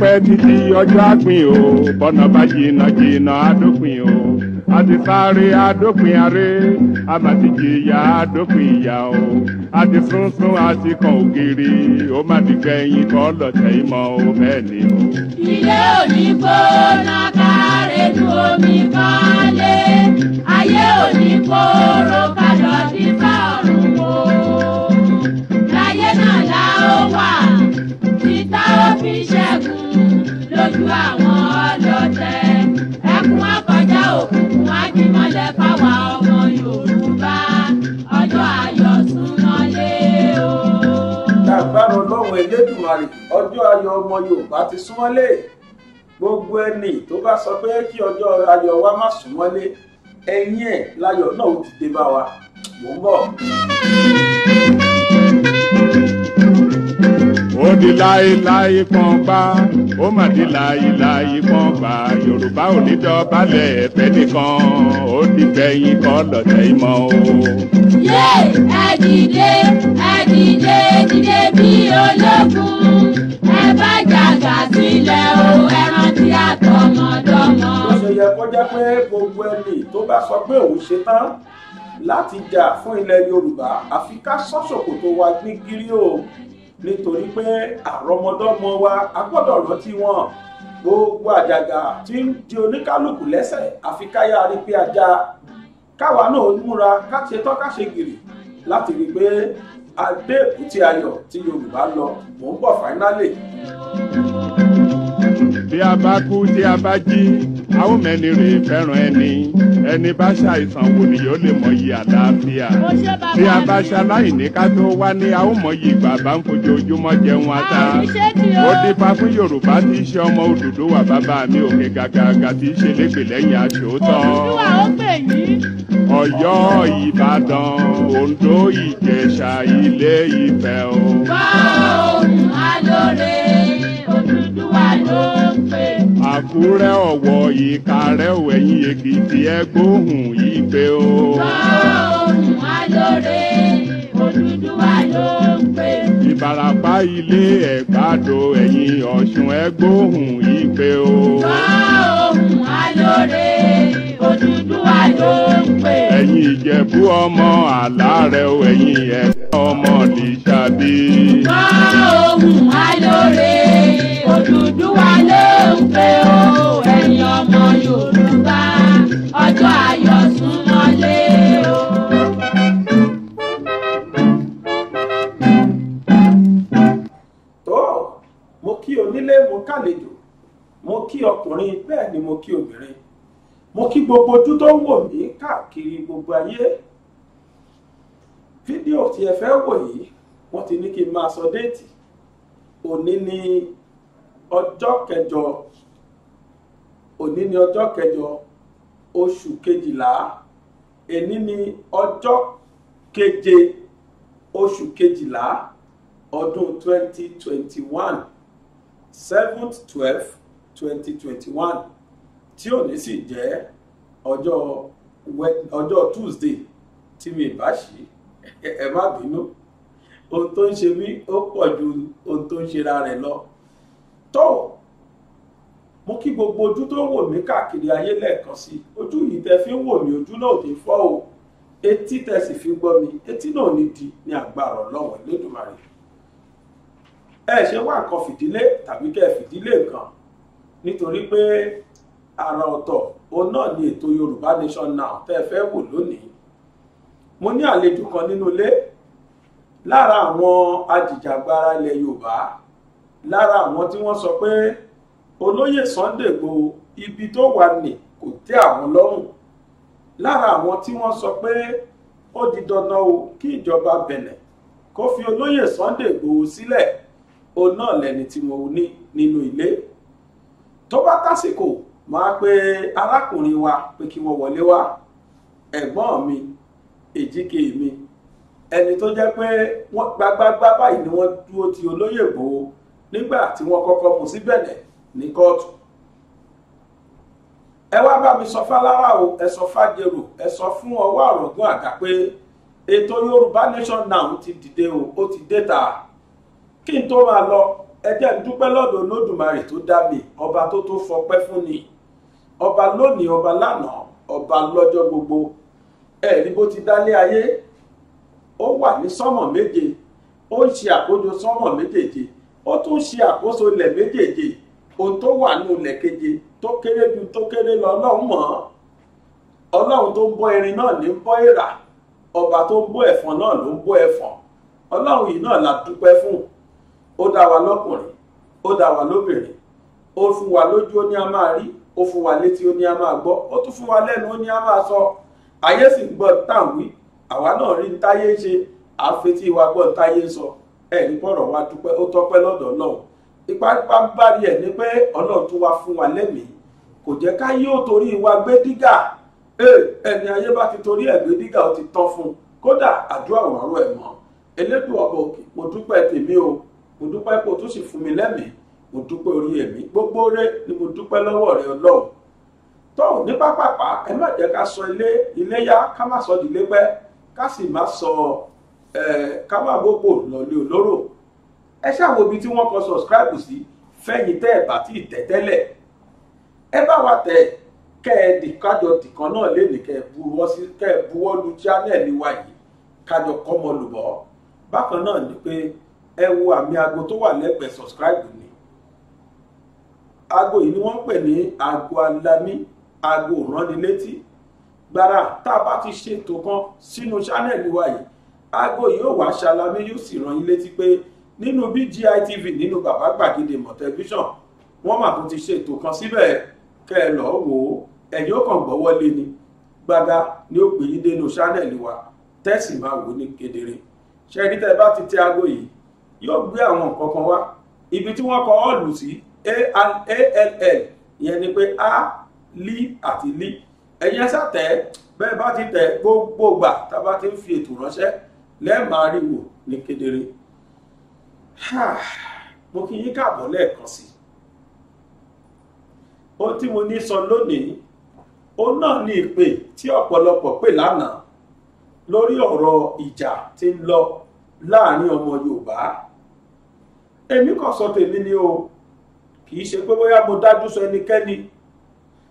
pẹ́ títí ọjọ́ àgbìn o bọ́nà bá jìnnà jìnnà àdópin o àti sáré àdópin aré àmàtìjìyà àdópin ìyà o àti sunsun àti kan ògiri ó má ti gbẹ̀yìn kọ́ lọ́tẹ̀ ìmọ̀ o bẹ́ẹ̀ ni ilé òní gbóná kárẹ́nu omi kan ayé òní kóró ọmọ Yorùbá ti súnmọ́lé gbogbo ẹni tó bá sọ pé kí ọjọ́ ayọ̀ wa má súnmọ́lé ẹ̀yìn ẹ̀ láyọ̀ náà ó ti dé bá wa mò ń bọ̀. ó di láéláé pọ́n bá ó mà di láéláé pọ́n Yorùbá ò ní dọ̀bálẹ̀ ẹ̀fẹ́ nìkan ó ti gbẹ̀yìn kọ́ lọ́tẹ̀ ìmọ̀ o dìde ẹ dìde ẹ dìde dìde bí ológun ẹ bá jàgà sílẹ̀ o ẹ rántí àtọmọdọ́mọ. ó ṣe yẹ kó jẹ́ pé gbogbo ẹni tó bá sọ pé òun ṣe tán láti jà fún ilẹ̀ Yorùbá àfi ká sọ́ ṣòkòtò wa gbígírí o nítorí pé àrọmọdọ́mọ wa a gbọ́dọ̀ rántí wọn gbogbo àjàgà tí ń di oníkálukú lẹ́sẹ̀ àfi ká yára rí pé ajá káwa náà ó múra ká ṣe tán ká ṣe gìrì láti rí i pé adé èkúté ayọ̀ tí Yorùbá lọ mò ń bọ̀ fáínálì bí a bá kú tí a bá jí a ó mẹ́ni rè fẹ́ràn ẹni ẹni bá ṣàìsàn wò ni yóò lè mọyì àlàáfíà bí a bá ṣaláìní ká tó wá ní a ó mọyì bàbá ń fojoojúmọ́ jẹun ata ó dípa fún Yorùbá tí í ṣe ọmọ Odùduwà bàbá mi òkè gàgàgà tí í ṣe lépè lẹ́yìn aṣòótọ́ Ọ̀yọ́ Ìbàdàn Oǹdó Ìjẹ̀ṣà Ilé Ifẹ̀ o. wá alóore. Odùduwà ló ń pè. Àkúrẹ́ Ọ̀wọ̀ Ìkàrẹ́ òwẹ̀yìn Èkìtì ẹ gbóhùn yìí pé o. Gbóhùn alóore Odùduwà ló ń pè. Ìbàràpá ilé ẹ̀gbádò ẹ̀yìn Ọ̀ṣun ẹ gbóhùn yìí pé o. Gbóhùn alóore Odùduwà ló ń pè. Ẹ̀yin Ìjẹ̀bú ọmọ àlá rẹ̀ o ẹ̀yin ẹ̀gbọ́n ọmọ lè ṣàbí. Gbóhùn alóore. Odùduwà ló ń pè ó ẹ̀yin ọmọ Yorùbá ọjọ́ ayọ̀ súnmọ́lé o. mo kí onílé mo kàlejò mo kí ọkùnrin mo kí obìnrin mo kí gbogbo ojú tó ń wò mí káàkiri gbogbo ayé fídíò tí ẹ fẹ́ wò yìí wọ́n ti ní kí n máa sọ déètì òní ni ọjọ́ kẹjọ òní ni ọjọ́ kẹjọ oṣù kejìlá èní ni ọjọ́ keje oṣù kejìlá ọdún one seventh twelve twenty 2021 tí òní sì jẹ́ ọjọ́ ọjọ́ Tuesday tí mi bá ṣí ẹ má bínú ohun tó ń ṣe mí ó pọ̀ ju ohun tó ń ṣera rẹ̀ lọ tó mo kí gbogbo ojú tó wò mí káàkiri ayé lẹ́ẹ̀kan sí ojú yìí tẹ fi ń wò mí ojú náà ò ní fọ́ o etí tẹ sì fi gbọ́ mi etí náà ní di ní agbára ọlọ́wọ́ lẹ́dùnmarè ẹ ṣe wá nǹkan fìdílé tàbí kẹ́ fìdílé nǹkan nítorí pé àrà ọ̀tọ̀ òun náà ni ètò Yorùbá Nation Now tẹ́ fẹ́ wò lónìí mo ní àlejò kan nínú ilé lára àwọn ajìjàgbara ilẹ̀ Yorùbá lára àwọn tí wọ́n sọ pé olóyè Sunday Igboho ibi tó wà ní kò tẹ́ àwọn lọ́rùn lára àwọn tí wọ́n sọ pé ó di dandan o kí ìjọba bẹ̀nẹ̀ kó fi olóyè Sunday Igboho sílẹ̀ òun náà lẹ́ni tí mo ní nínú ilé tó bá tásìkò máa pe arákùnrin wa pé kí wọ́n wọlé wá ẹ̀gbọ́n mi èjìké mi ẹni tó jẹ́ pé wọ́n gbagbágbá báyìí ni wọ́n dúró ti olóyè Igboho nígbà tí wọ́n kọ́kọ́ mú sí bẹ̀nẹ̀ ní kóòtù ẹ bá mi sọ fálára o ẹ sọ fàjèrò ẹ sọ fún ọwọ́ àrògùn àga pé ètò Yorùbá Nation Now ti dìde o ó ti dé ta kí n tó máa lọ ẹ dúpẹ́ lọ́dọ̀ ọba tó tó fọpẹ́ ọba lónìí ọba lánàá ọba lọ́jọ́ gbogbo bó ti dálé ayé ó wà ní sọ́mọ̀ méje ó ń ṣe àkójọ sọ́mọ̀ méjèèje ó tún ṣe àkóso ilẹ̀ méjèèjì ohun tó wà ní ilẹ̀ keje tó kéré ju tó kéré lọ ọlọ́run mọ̀ ọlọ́run tó ń bọ́ erin náà ní ń bọ́ èèrà ọba tó ń bọ́ ẹ̀fọn náà ló ń bọ́ ẹ̀fọn ọlọ́run yìí náà la dúpẹ́ fún ó dá wa lọ́kùnrin ó dá wa lóbìnrin ó fún wa lójú ó ní a máa rí ó fún wa létí ó ní a máa gbọ́ ó tún fún wa lẹ́nu ó ní a máa sọ ayé sì ń gbọ́ táwí àwa náà rí táyé ń ṣe àfetí wa gbọ́ táyé ń sọ. So ẹ̀rí bọ̀rọ̀ wa dúpẹ́ ó tọ́pẹ́ lọ́dọ̀ ọlọ́run ìpárípá bá rí ẹ̀ ní pé ọlọ́run tún wá fún wa lẹ́mìí kò jẹ́ ká yóò torí wa gbé dígà ẹni ayé bá ti torí ẹ̀ gbé dígà ó ti tán fún un kódà àdúrà òrànrò ẹ̀ mọ́ elédùn ọba òkè mo dúpẹ́ tèmi o mo dúpẹ́ kó tún sì fún mi lẹ́mìí mo dúpẹ́ orí ẹ̀mí gbogbo rẹ ni mo dúpẹ́ lọ́wọ́ rẹ ọlọ́run tó ní pápápá ẹ má jẹ́ ká sọ ilé iléyá ká má sọ dìlépẹ́ ká sì má sọ káwágbópò lọ́lé olóró ẹ ṣàwọn ibi tí wọ́n kan subscribe sí fẹ́yìn tẹ́ ẹ̀ bá tí ì tẹ́ tẹ́lẹ̀ ẹ bá wa tẹ̀ kẹ́ ẹ dìkájọ dìkan náà lénìí kẹ́ ẹ buwọ́ sí kẹ́ ẹ buwọ́ lu chánẹ́ẹ̀lì wa yìí kájọ kọ́mọ lùbọ́ bákan náà ni pé ẹ wo àmì aago tó wà lẹ́gbẹ̀ẹ́ subscribe ni aago yìí ni wọ́n ń pè ní aago alámí aago ìránnilétí gbàrà tá a bá ti ṣètò kan sínú chánẹ́ẹ̀lì wa yìí aago yóò wá ṣalamí yóò sì rán yín létí pé nínú BGI TV nínú bàbá gbàgede mọ̀ tẹlifíṣàn wọ́n mà tún ti ṣètò kan síbẹ̀ kẹ́ ẹ lọ́ọ́ wò ó ẹ̀yin ó kàn gbọ́wọ́ ni gbàgà ni ó pè yín dénú ṣánẹ́ẹ̀lì wa tẹ́sì máa wò ní kedere ṣẹ́ni tẹ́ bá ti tẹ aago yìí yóò gbé àwọn nǹkan kan wá ibi tí wọ́n kọ ọ́ọ̀lù sí ALL ìyẹn ni pé a lí àti lí ẹ̀yin ẹ̀ sàtẹ́ bẹ́ẹ̀ bá ti tẹ̀ gbogbo gbà tá a bá ti ń fi ètò ránṣẹ́ lẹ́ẹ̀ máa ní kedere mo kí yín káàbọ̀ lẹ́ẹ̀kan sí i tí mo ní sọ lónìí ó náà ní ìpè tí ọ̀pọ̀lọpọ̀ pè lánàá lórí ọ̀rọ̀ ìjà tí ń lọ láàrin ọmọ Yorùbá èmi kàn sọ tèmi ni o kì í ṣe pé bóyá mo dájú sọ ẹnikẹ́ni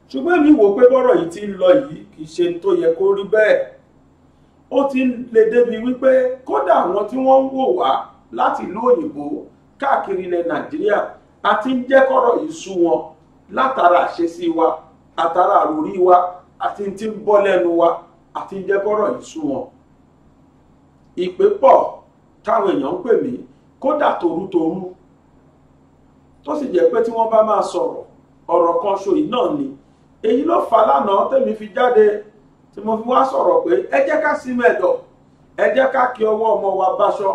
ṣùgbọ́n mi wò pé bọ́rọ̀ yìí ti ń lọ yìí kì í ṣe tó yẹ kó rí bẹ́ẹ̀ ó ti lè débi wípé kódà àwọn tí wọ́n ń wò wá láti ìlú òyìnbó káàkiri ilẹ̀ nàìjíríà a ti ń jẹ́ kọ́rọ̀ yìí sú wọn látara àṣesí wa àtara àròrí wa àti ti ń bọ́ lẹ́nu wa àti ń jẹ́ kọ́rọ̀ yìí sú wọn. ìpè pọ̀ táwọn èèyàn ń pè mí kódà torútorú tó sì jẹ́ pé tí wọ́n bá máa sọ̀rọ̀ ọ̀rọ̀ kan ṣòyí náà ni èyí ló fà lánàá tẹ̀mí fi jáde tí mo fi wá sọ̀rọ̀ pé ẹ jẹ́ ká sí mẹ́ẹ̀dọ̀ ẹ jẹ́ ká kí ọwọ́ ọmọ wa báṣọ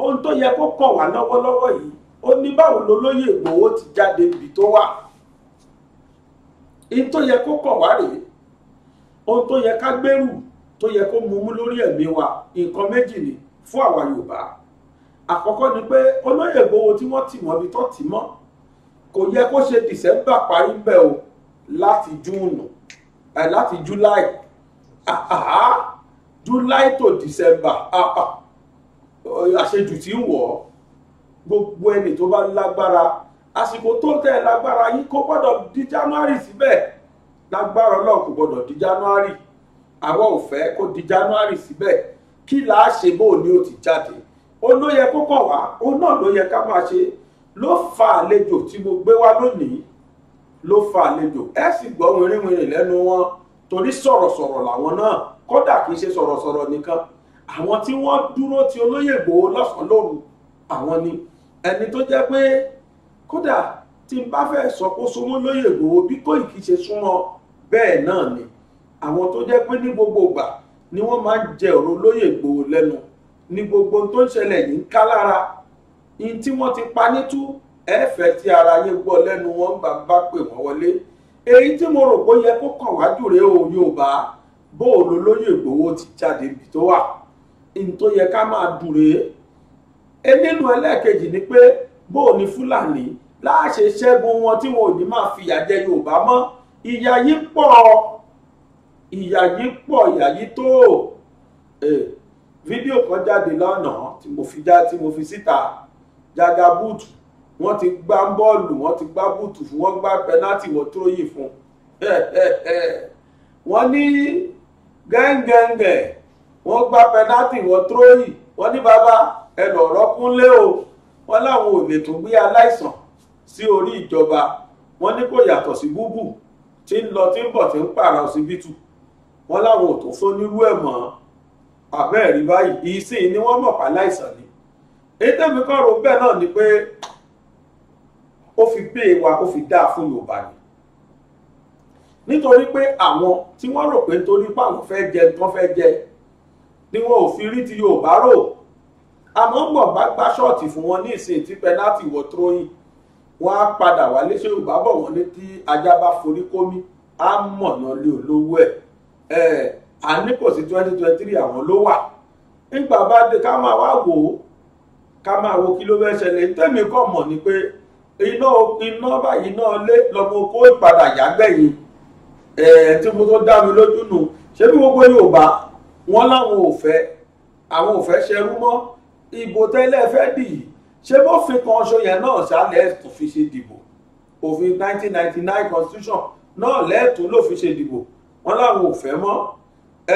ohun tó yẹ kó kàn wá lọ́wọ́lọ́wọ́ yìí ó ní báwo lolóyè Ìgbòho ti jáde ibi tó wà ohun tó yẹ kó kàn wá rèé ohun tó yẹ ká gbèrú tó yẹ kó mumú lórí ẹ̀mí wa nǹkan méjì ni fún àwa Yorùbá àkọ́kọ́ ni pé olóyè Ìgbòho tí wọ́n tì wọ́n bí tó tì mọ́ kò yẹ kó ṣe December parí bẹ́ẹ̀ o láti June láti July Ah, ah, july to december ah, àṣejù tí ń wọ̀ ọ́ gbogbo ẹni tó bá lágbára àsìkò tó tẹ̀ lágbára yìí kò gbọ́dọ̀ di january síbẹ̀ lágbára ọlọ́run kò gbọ́dọ̀ di january àwọn ò fẹ́ kó di january síbẹ̀ kí là á ṣe bó ni ó ti jáde ó ló yẹ kó kọ̀ wá ó náà ló yẹ ká máa ṣe ló fa àlejò tí mo gbé wá lónìí ló fa àlejò ẹ sì gbọ́ wìnrìnwìnrìn lẹ́nu wọn torí sọ̀rọ̀sọ̀rọ̀ làwọn náà kódà kì í ṣe sọ̀rọ̀sọ̀rọ̀ nìkan àwọn tí wọ́n dúró ti olóyè Ìgbòho lọ́sàn-án lóru àwọn ni ẹni tó jẹ́ pé kódà tí n bá fẹ́ sọ kó súnmọ́ lóyè Ìgbòho bí kò kì í ṣe súnmọ́ bẹ́ẹ̀ náà ni àwọn tó jẹ́ pé ní gbogbo ìgbà ni wọ́n máa ń jẹ ọ̀rọ̀ lóyè Ìgbòho lẹ́nu ní gbogbo tó ń ṣẹlẹ̀ yìí ń ká lára ní tí wọ́n ti pa nítú ẹ̀ẹ́fẹ̀ẹ́ tí ara yín gbọ́ lẹ́nu wọn bá bá pè wọ́n wọlé èyí tí mo rò pé ó yẹ kó kàn wájú rèé o Yorùbá bó o lo lóyè Ìgbòho ti jáde ibi tó wà ní tó yẹ ká máa dùn rèé nínú ẹlẹ́ẹ̀kejì ni pé bó o ní Fúlàní láàṣẹ ṣẹ́gun wọn tí wọn ò ní máa fìyà jẹ Yorùbá mọ́ ìyà yìí pọ̀ ìyà yìí pọ̀ ìyà yìí tó fídíò kan jáde lánàá tí mo fi síta jágabúùtù wọ́n ti gbá bọ́ọ̀lù wọ́n ti gbá bùtù fún wọ́n gbá pẹ́nátì wọ́n tó yìí fún wọ́n ní gẹ́ngẹ́ngẹ́ wọ́n gbá pẹ́nátì wọ́n tó yìí wọ́n ní bàbá ẹnu ọ̀rọ̀ kúnlé o wọ́n láwọn ò lè tún gbé aláìsàn sí orí ìjọba wọ́n ní kò yàtọ̀ sí búbù tí ń lọ tí ń bọ̀ tí ń pààrà ọsibítù wọ́n láwọn ò tó fún nírú ẹ̀ mọ́ àbẹ́ẹ̀rí báyìí ìsìn ni wọ́n mọ̀ pàláìsàn ni èyí tẹ́mi kọ́ ro bẹ́ẹ̀ náà ni pé ó fi pay wa ó fi dáa fún yorùbá ni nítorí pé àwọn tí wọ́n rò pé nítorí pé àwọn jẹ tán fẹ́ jẹ ni wọn ò fi rí ti yorùbá rò àmọ́ ń bọ̀ bá gbá ṣọ́ọ̀tì fún wọn ní ìsìn tí pẹ́nátì wọ tróyìn wọ́n á padà wálé ṣé yorùbá bọ̀ wọ́n ní tí ajá bá forí kómi á mọ̀nà lé olówó ẹ̀ ẹ̀ à ní kò sí twenty twenty three àwọn ló wà nígbà bá dé ká máa wá wò ó ká máa wo kí ló fẹ́ ṣẹlẹ̀ tẹ́mi kọ̀ mọ̀ ni pé iná iná báyìí náà lé lọ́mọ kó ìpadà yàgbẹ́yìn ẹ̀ẹ́ tí mo tó dá mi lójú nù ṣé bí gbogbo Yorùbá wọn láwọn ò fẹ́ àwọn ò fẹ́ ṣerú mọ́ ìbò tẹ́lẹ̀ fẹ́ dì í ṣé bó fi kan ọṣọ yẹn náà ṣálẹ̀ tó fi ṣe dìbò òfin 1999 constitution náà lẹ́ẹ̀tún ló fi ṣe dìbò wọn láwọn ò fẹ́ mọ́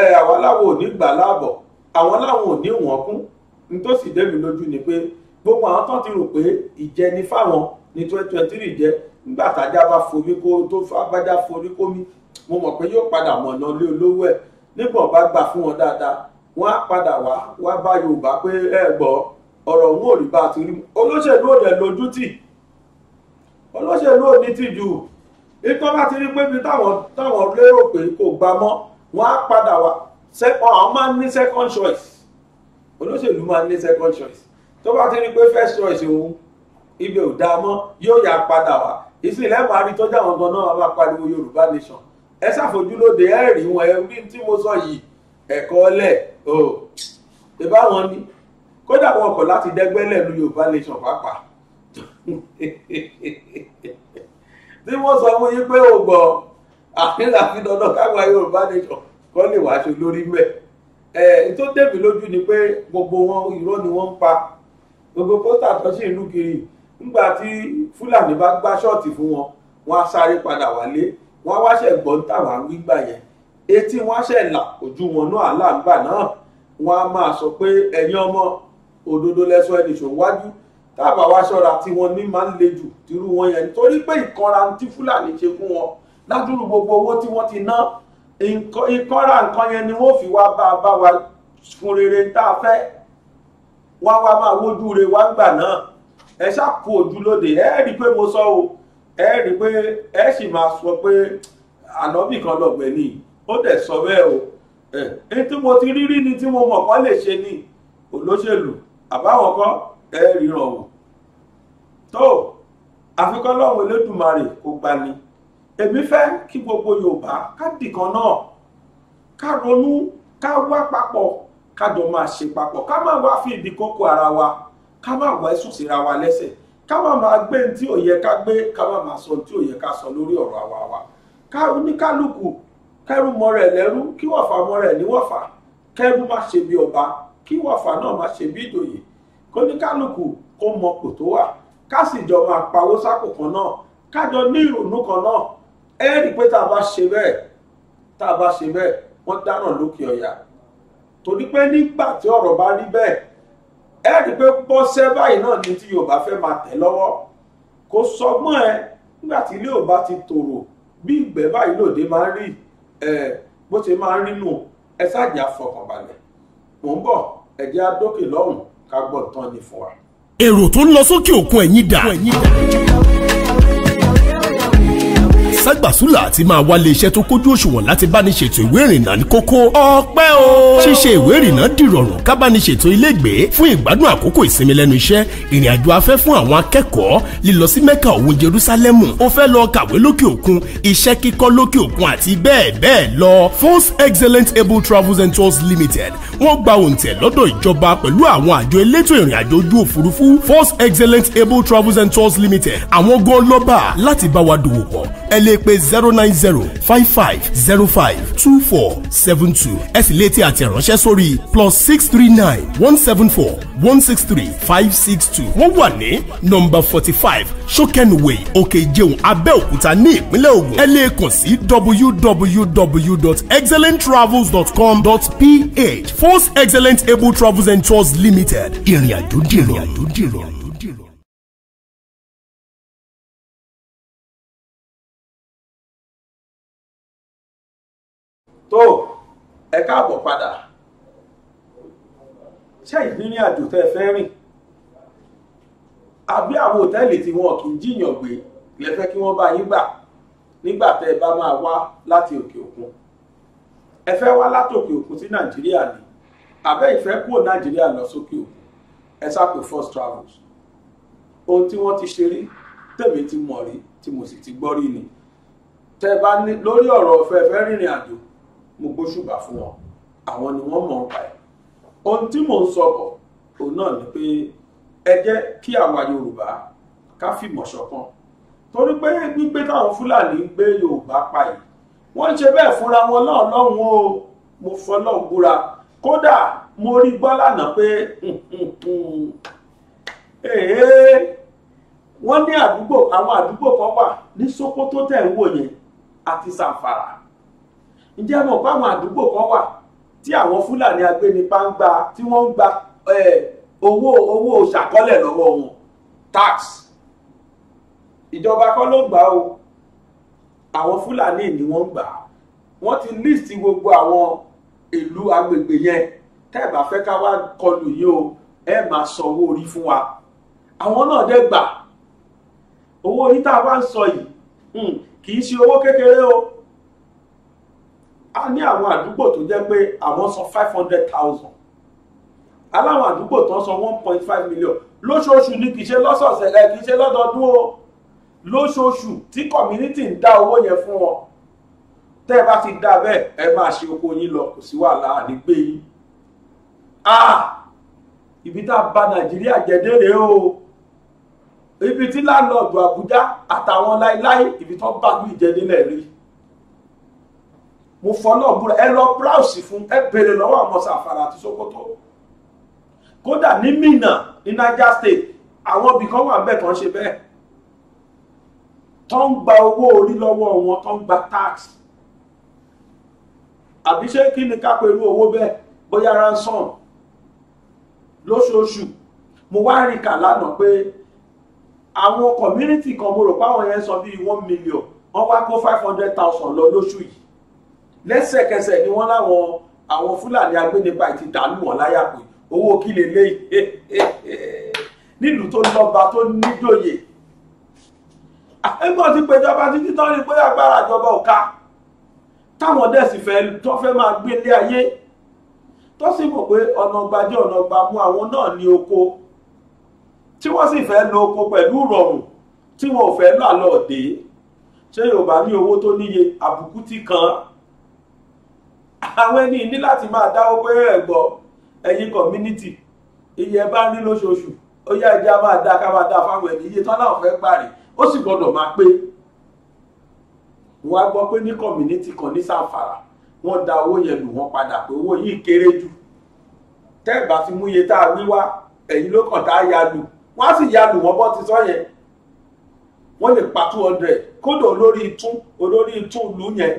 ẹ àwa láwọn ò ní gbà láàbọ̀ àwọn láwọn ò ní wọ́n kún nítòsí débi lójú ni pé gbogbo àwọn tán ti rò pé ìjẹni fáwọn ní twenty twenty three jẹ́ nígbà tájá bá forí kó tó fábájá forí kó mi mo mọ̀ pé yóò padà mọ̀nà lé olówó ẹ̀ nígbà bá gbà fún wọn dáadáa wọ́n á padà wá wá bá Yorùbá pé ẹ gbọ́ ọ̀rọ̀ òun ò rí bá a ti rí olóṣèlú ò dẹ̀ lójú tì olóṣèlú ò ní tìjú ikọ́ bá ti rí pé bí táwọn táwọn lérò pé kò gbà mọ́ wọ́n á padà wá àwọn máa ń ní second choice olóṣèlú máa ń ní second choice tó bá ti rí pé first choice òun ibẹ̀ ò dáa mọ́ yóò yà padà wá ìsìn lẹ́mọ̀ àrítọ́jà wọn gan náà máa pariwo yorùbá nation ẹ ṣàfojúlóde ẹ rí wọn ẹ rí tí mo sọ yìí ẹ̀kọ́ lẹ̀ o ìbá wọn ni kódà wọn kọ̀ láti dẹ́gbẹ́lẹ̀ lu yorùbá nation pàápàá tí wọ́n sọ fún yín pé ò gbọ́ àfihàn àfi dandan káwa yorùbá nation kọ́ lè wàá ṣe lórí mẹ́ ẹ̀ tó dẹ̀bi lójú ni pé gbogbo wọn irọ́ ni wọ́n ń pa gbogbo pósítà tó sì ń lù kiri nígbà tí fúlàní bá gbá ṣọ́ọ̀tì fún wọn wọn á sáré padà wálé wọn á wáṣẹ̀ gbọ́n táwa ń gbígbà yẹn etí wọn ṣẹ̀ là ojú wọn náà aláǹgbà náà wọn á máa sọ pé ẹ̀yin ọmọ òdodo lẹ́sọ ẹni ṣòwájú táàbà wá ṣọ́ra tí wọ́n ní máa ń le jù tírú wọn yẹn torí pé ìkanra tí fúlàní ṣe fún wọn ládùúrú gbogbo owó tí wọ́n ti ná ìkanra nǹkan yẹn ni wọ́n fi wá bá a bá wa fún rere tá a fẹ́ wá wá máa wójú re wá gbà náà ẹ ṣàkó ojúlóde ẹ rí i pé mo sọ o ẹ rí i pé ẹ sì máa sọ pé ànábì kan lọ̀gbẹ́ ni ó dẹ̀ sọ bẹ́ẹ̀ o ẹ tí mo ti rí rí ni tí mo mọ̀ kọ́ lè ṣe ni olóṣèlú àbáwọn kọ́ ẹ ríran o tó àfikọ́ lọ́hùn Elédùmarè kò gbani èmi fẹ́ kí gbogbo Yorùbá ká dìkan náà ká ronú ká wá papọ̀ ká jọ máa ṣe papọ̀ ká má wá fi ìdí kókó ara wa ká má wá ẹ̀sùn síra wa lẹ́sẹ̀ ká má máa gbé ní tí ò yẹ ká gbé ká má máa sọ ní tí ò yẹ ká sọ lórí ọ̀rọ̀ àwa wa ká oníkálukú kẹrù mọ rẹ̀ lẹ́rú kí wọ̀fà mọ rẹ̀ níwọ̀fà kẹrù má ṣe bí ọba kí wọ̀fà náà má ṣe bí ìdòyè kóníkálukú kó mọ kò tó wà ká sì jọ máa pawó sákò kan náà ká jọ ní ìrònú kan náà ẹ rí i pé tá a bá ṣe bẹ́ẹ̀ tá a bá ṣe bẹ́ẹ̀ wọ́n dáràn lókè ọ̀yà torí pé nígbà tí ọ̀rọ̀ bá rí bẹ́ẹ̀ ẹ rí i pé bọ́sẹ́ báyìí náà ni tí Yorùbá fẹ́ máa tẹ̀ lọ́wọ́ kò sọgbọ́n ẹ nígbà tí ilé ò bá ti tòrò bí ìgbẹ́ báyìí lòdì máa ń rí bó ṣe máa ń rínú ẹ ṣáàjà fọkànbalẹ̀ mò ń bọ̀ ẹ̀jẹ̀ adókè lọ́hùn ká gbọ́ tán ni fún wa. èrò tó ń lọ sókè òkun ẹ̀yìn dà ságbàsúlà àti máa wálé iṣẹ́ tó kójú òṣùwọ̀n láti báni ṣètò ìwé ìrìnnà ní kókó. ọpẹ́ o. ṣíṣe ìwé ìrìnnà dìrọ̀rùn ká báni ṣètò ilégbèé fún ìgbádùn àkókò ìsinmi lẹ́nu iṣẹ́ ìrìn àjò afẹ́ fún àwọn akẹ́kọ̀ọ́ lílọ sí mẹ́kà òun jerúsálẹ́mù ó fẹ́ lọ kàwé lókè òkun iṣẹ́ kíkọ́ lókè òkun àti bẹ́ẹ̀ bẹ́ẹ̀ lọ. force excellent able travels and tours limited wọ́n gba òǹtẹ̀ lọ́dọ̀ ìjọba lè pe zero nine zero five five zero five two four seven two ẹ sì lè ti àtẹ̀ránṣẹ́ sórí plus six three nine one seven four one six three five six two. wọ́n wà ní nọ́mbà forty five sokenway òkèjeun abẹ́òkúta ní ìpínlẹ̀ Ògùn ẹ lè kàn sí www.excellenttravels.com.ph force excellent able travels and tours limited ìrìn àjò dìrọ̀. tó ẹ káàbọ̀ padà ṣé ìrìnrìn àjò tẹ́ fẹ́ rìn àbí àwọn òtẹ́ẹ̀lì tí wọn kì í jiyàn gbé lẹ́fẹ́ kí wọ́n bá yín gbà nígbà tẹ́ ẹ bá máa wá láti òkè òkun ẹ fẹ́ wá látòkè òkun sí nàìjíríà ni àbẹ́ ìfẹ́ kúrò nàìjíríà lọ sókè òkun ẹ sápò first travels ohun tí wọ́n ti ṣe rí tèmi ti mọ̀ rí tí mo sì ti gbọ́ rí ni tẹ́ bá ní lórí ọ̀rọ̀ ọ̀fẹ́ fẹ́ rìnrìn àjò mo gbóṣùbà fún wọn àwọn ni wọ́n mọ̀ ń pa ẹ̀ ohun tí mò ń sọ bọ̀ òun náà ni pé ẹ jẹ́ kí àwa Yorùbá ká fìmọ̀ ṣọ̀kan torí pé gbígbé táwọn Fúlàní ń gbé Yorùbá pa yìí wọ́n ń ṣe bẹ́ẹ̀ fúnra wọn náà lọ́hùn o mo fọlọ́hùn búra kódà mo rí gbọ́ lánàá pé wọ́n ní àdúgbò àwọn àdúgbò kan wà ní Sokoto tẹ̀ ń wò yẹn àti Zamfara ǹjẹ́ mọ̀ pé àwọn àdúgbò kan wà tí àwọn fúlàní agbénipa ń gba tí wọ́n ń gba owó owó ṣàkọ́lẹ̀ lọ́wọ́ wọn tax ìjọba kọ́ ló gbà o àwọn fúlàní ni wọ́n gbà wọ́n ti list gbogbo àwọn ìlú agbègbè yẹn tẹ́ ẹ̀ fẹ́ ká wá kọlù yìí o ẹ máa sanwó orí fún wa àwọn náà dẹ́ gbà owó orí tá a bá ń sọ yìí hmm, kì í ṣe owó kékeré o a ní àwọn àdúgbò tó jẹ́ pé àwọn san five hundred thousand aláwọn àdúgbò tó ń san one point five million lóṣooṣù ni kì í ṣe lọ́sọ̀ọ̀sẹ̀ ẹ̀ kì í ṣe lọ́dọọdún o lóṣooṣù tí community ń dá owó yẹn fún wọn tẹ́ ẹ bá ti dá bẹ́ẹ̀ ẹ máa ṣe oko yín lọ kò sí wàhálà àní gbé yín ibi tá a bà nàìjíríà jẹ́ dé rèé o ibi tí láńlọ́ọ̀dù àbújá àtàwọn láéláé ibi tó bá lù ìjẹ́dínlẹ̀ rí mo fọ náà búra ẹ lọ blouse fún ẹ béèrè lọ́wọ́ àwọn sàfàrà àti sokoto kódà ní Minna ní Niger State àwọn ibì kan wà bẹ́ẹ̀ kan ṣe bẹ́ẹ̀ tó ń gba owó orí lọ́wọ́ wọn tó ń gba tax àbí ṣé kí ni ká pẹ̀lú owó bẹ́ẹ̀ bóyá ransom lóṣooṣù mo wá rìn kà lánàá pé àwọn community kan mo rò pé àwọn yẹn sọ bíi one million wọ́n wá kó five hundred thousand lọ lóṣù yìí lẹ́sẹ̀kẹsẹ̀ ni wọ́n láwọn àwọn fúlàní agbẹnipa ti dàlú wọn láyà pé owó kí lè lé nílùú tó lọ́ba tó níjòyè ẹgbọ́n ti péjọba títí tán ní bóyá agbára ìjọba ò ká táwọn dẹ̀ sì fẹ́ tó fẹ́ máa gbélé ayé tó sì mọ̀ pé ọ̀nà gbajẹ́ ọ̀nà gbamú àwọn náà ní oko tí wọ́n sì fẹ́ lo oko pẹ̀lú rọrùn tí wọn ò fẹ́ lọ àlọ́ ọ̀dẹ́ ṣé Yorùbá ní owó tó níye àbùkù ti kàn án àwọn ẹni ní láti máa dáwọ́ pé ẹ̀gbọ́ ẹ̀yin community iye bá ní lóṣooṣù ó yá ẹja máa dá ká máa dá fáwọn ẹni iye tán láwọn fẹ́ parí ó sì gbọ́dọ̀ máa pé wọ́n á gbọ́ pé ní community kan ní sàǹfàrà wọ́n da owó yẹn lù wọ́n padà pé owó yìí kéré jù tẹ́ ẹ̀ bá fi mú iye tá a wí wá ẹ̀yin ló kàn tá a ya lù wọ́n á sì ya lù wọ́n bọ́ ti sọ yẹn wọ́n lè pa two hundred kódò olórí itún olórí itún lù yẹn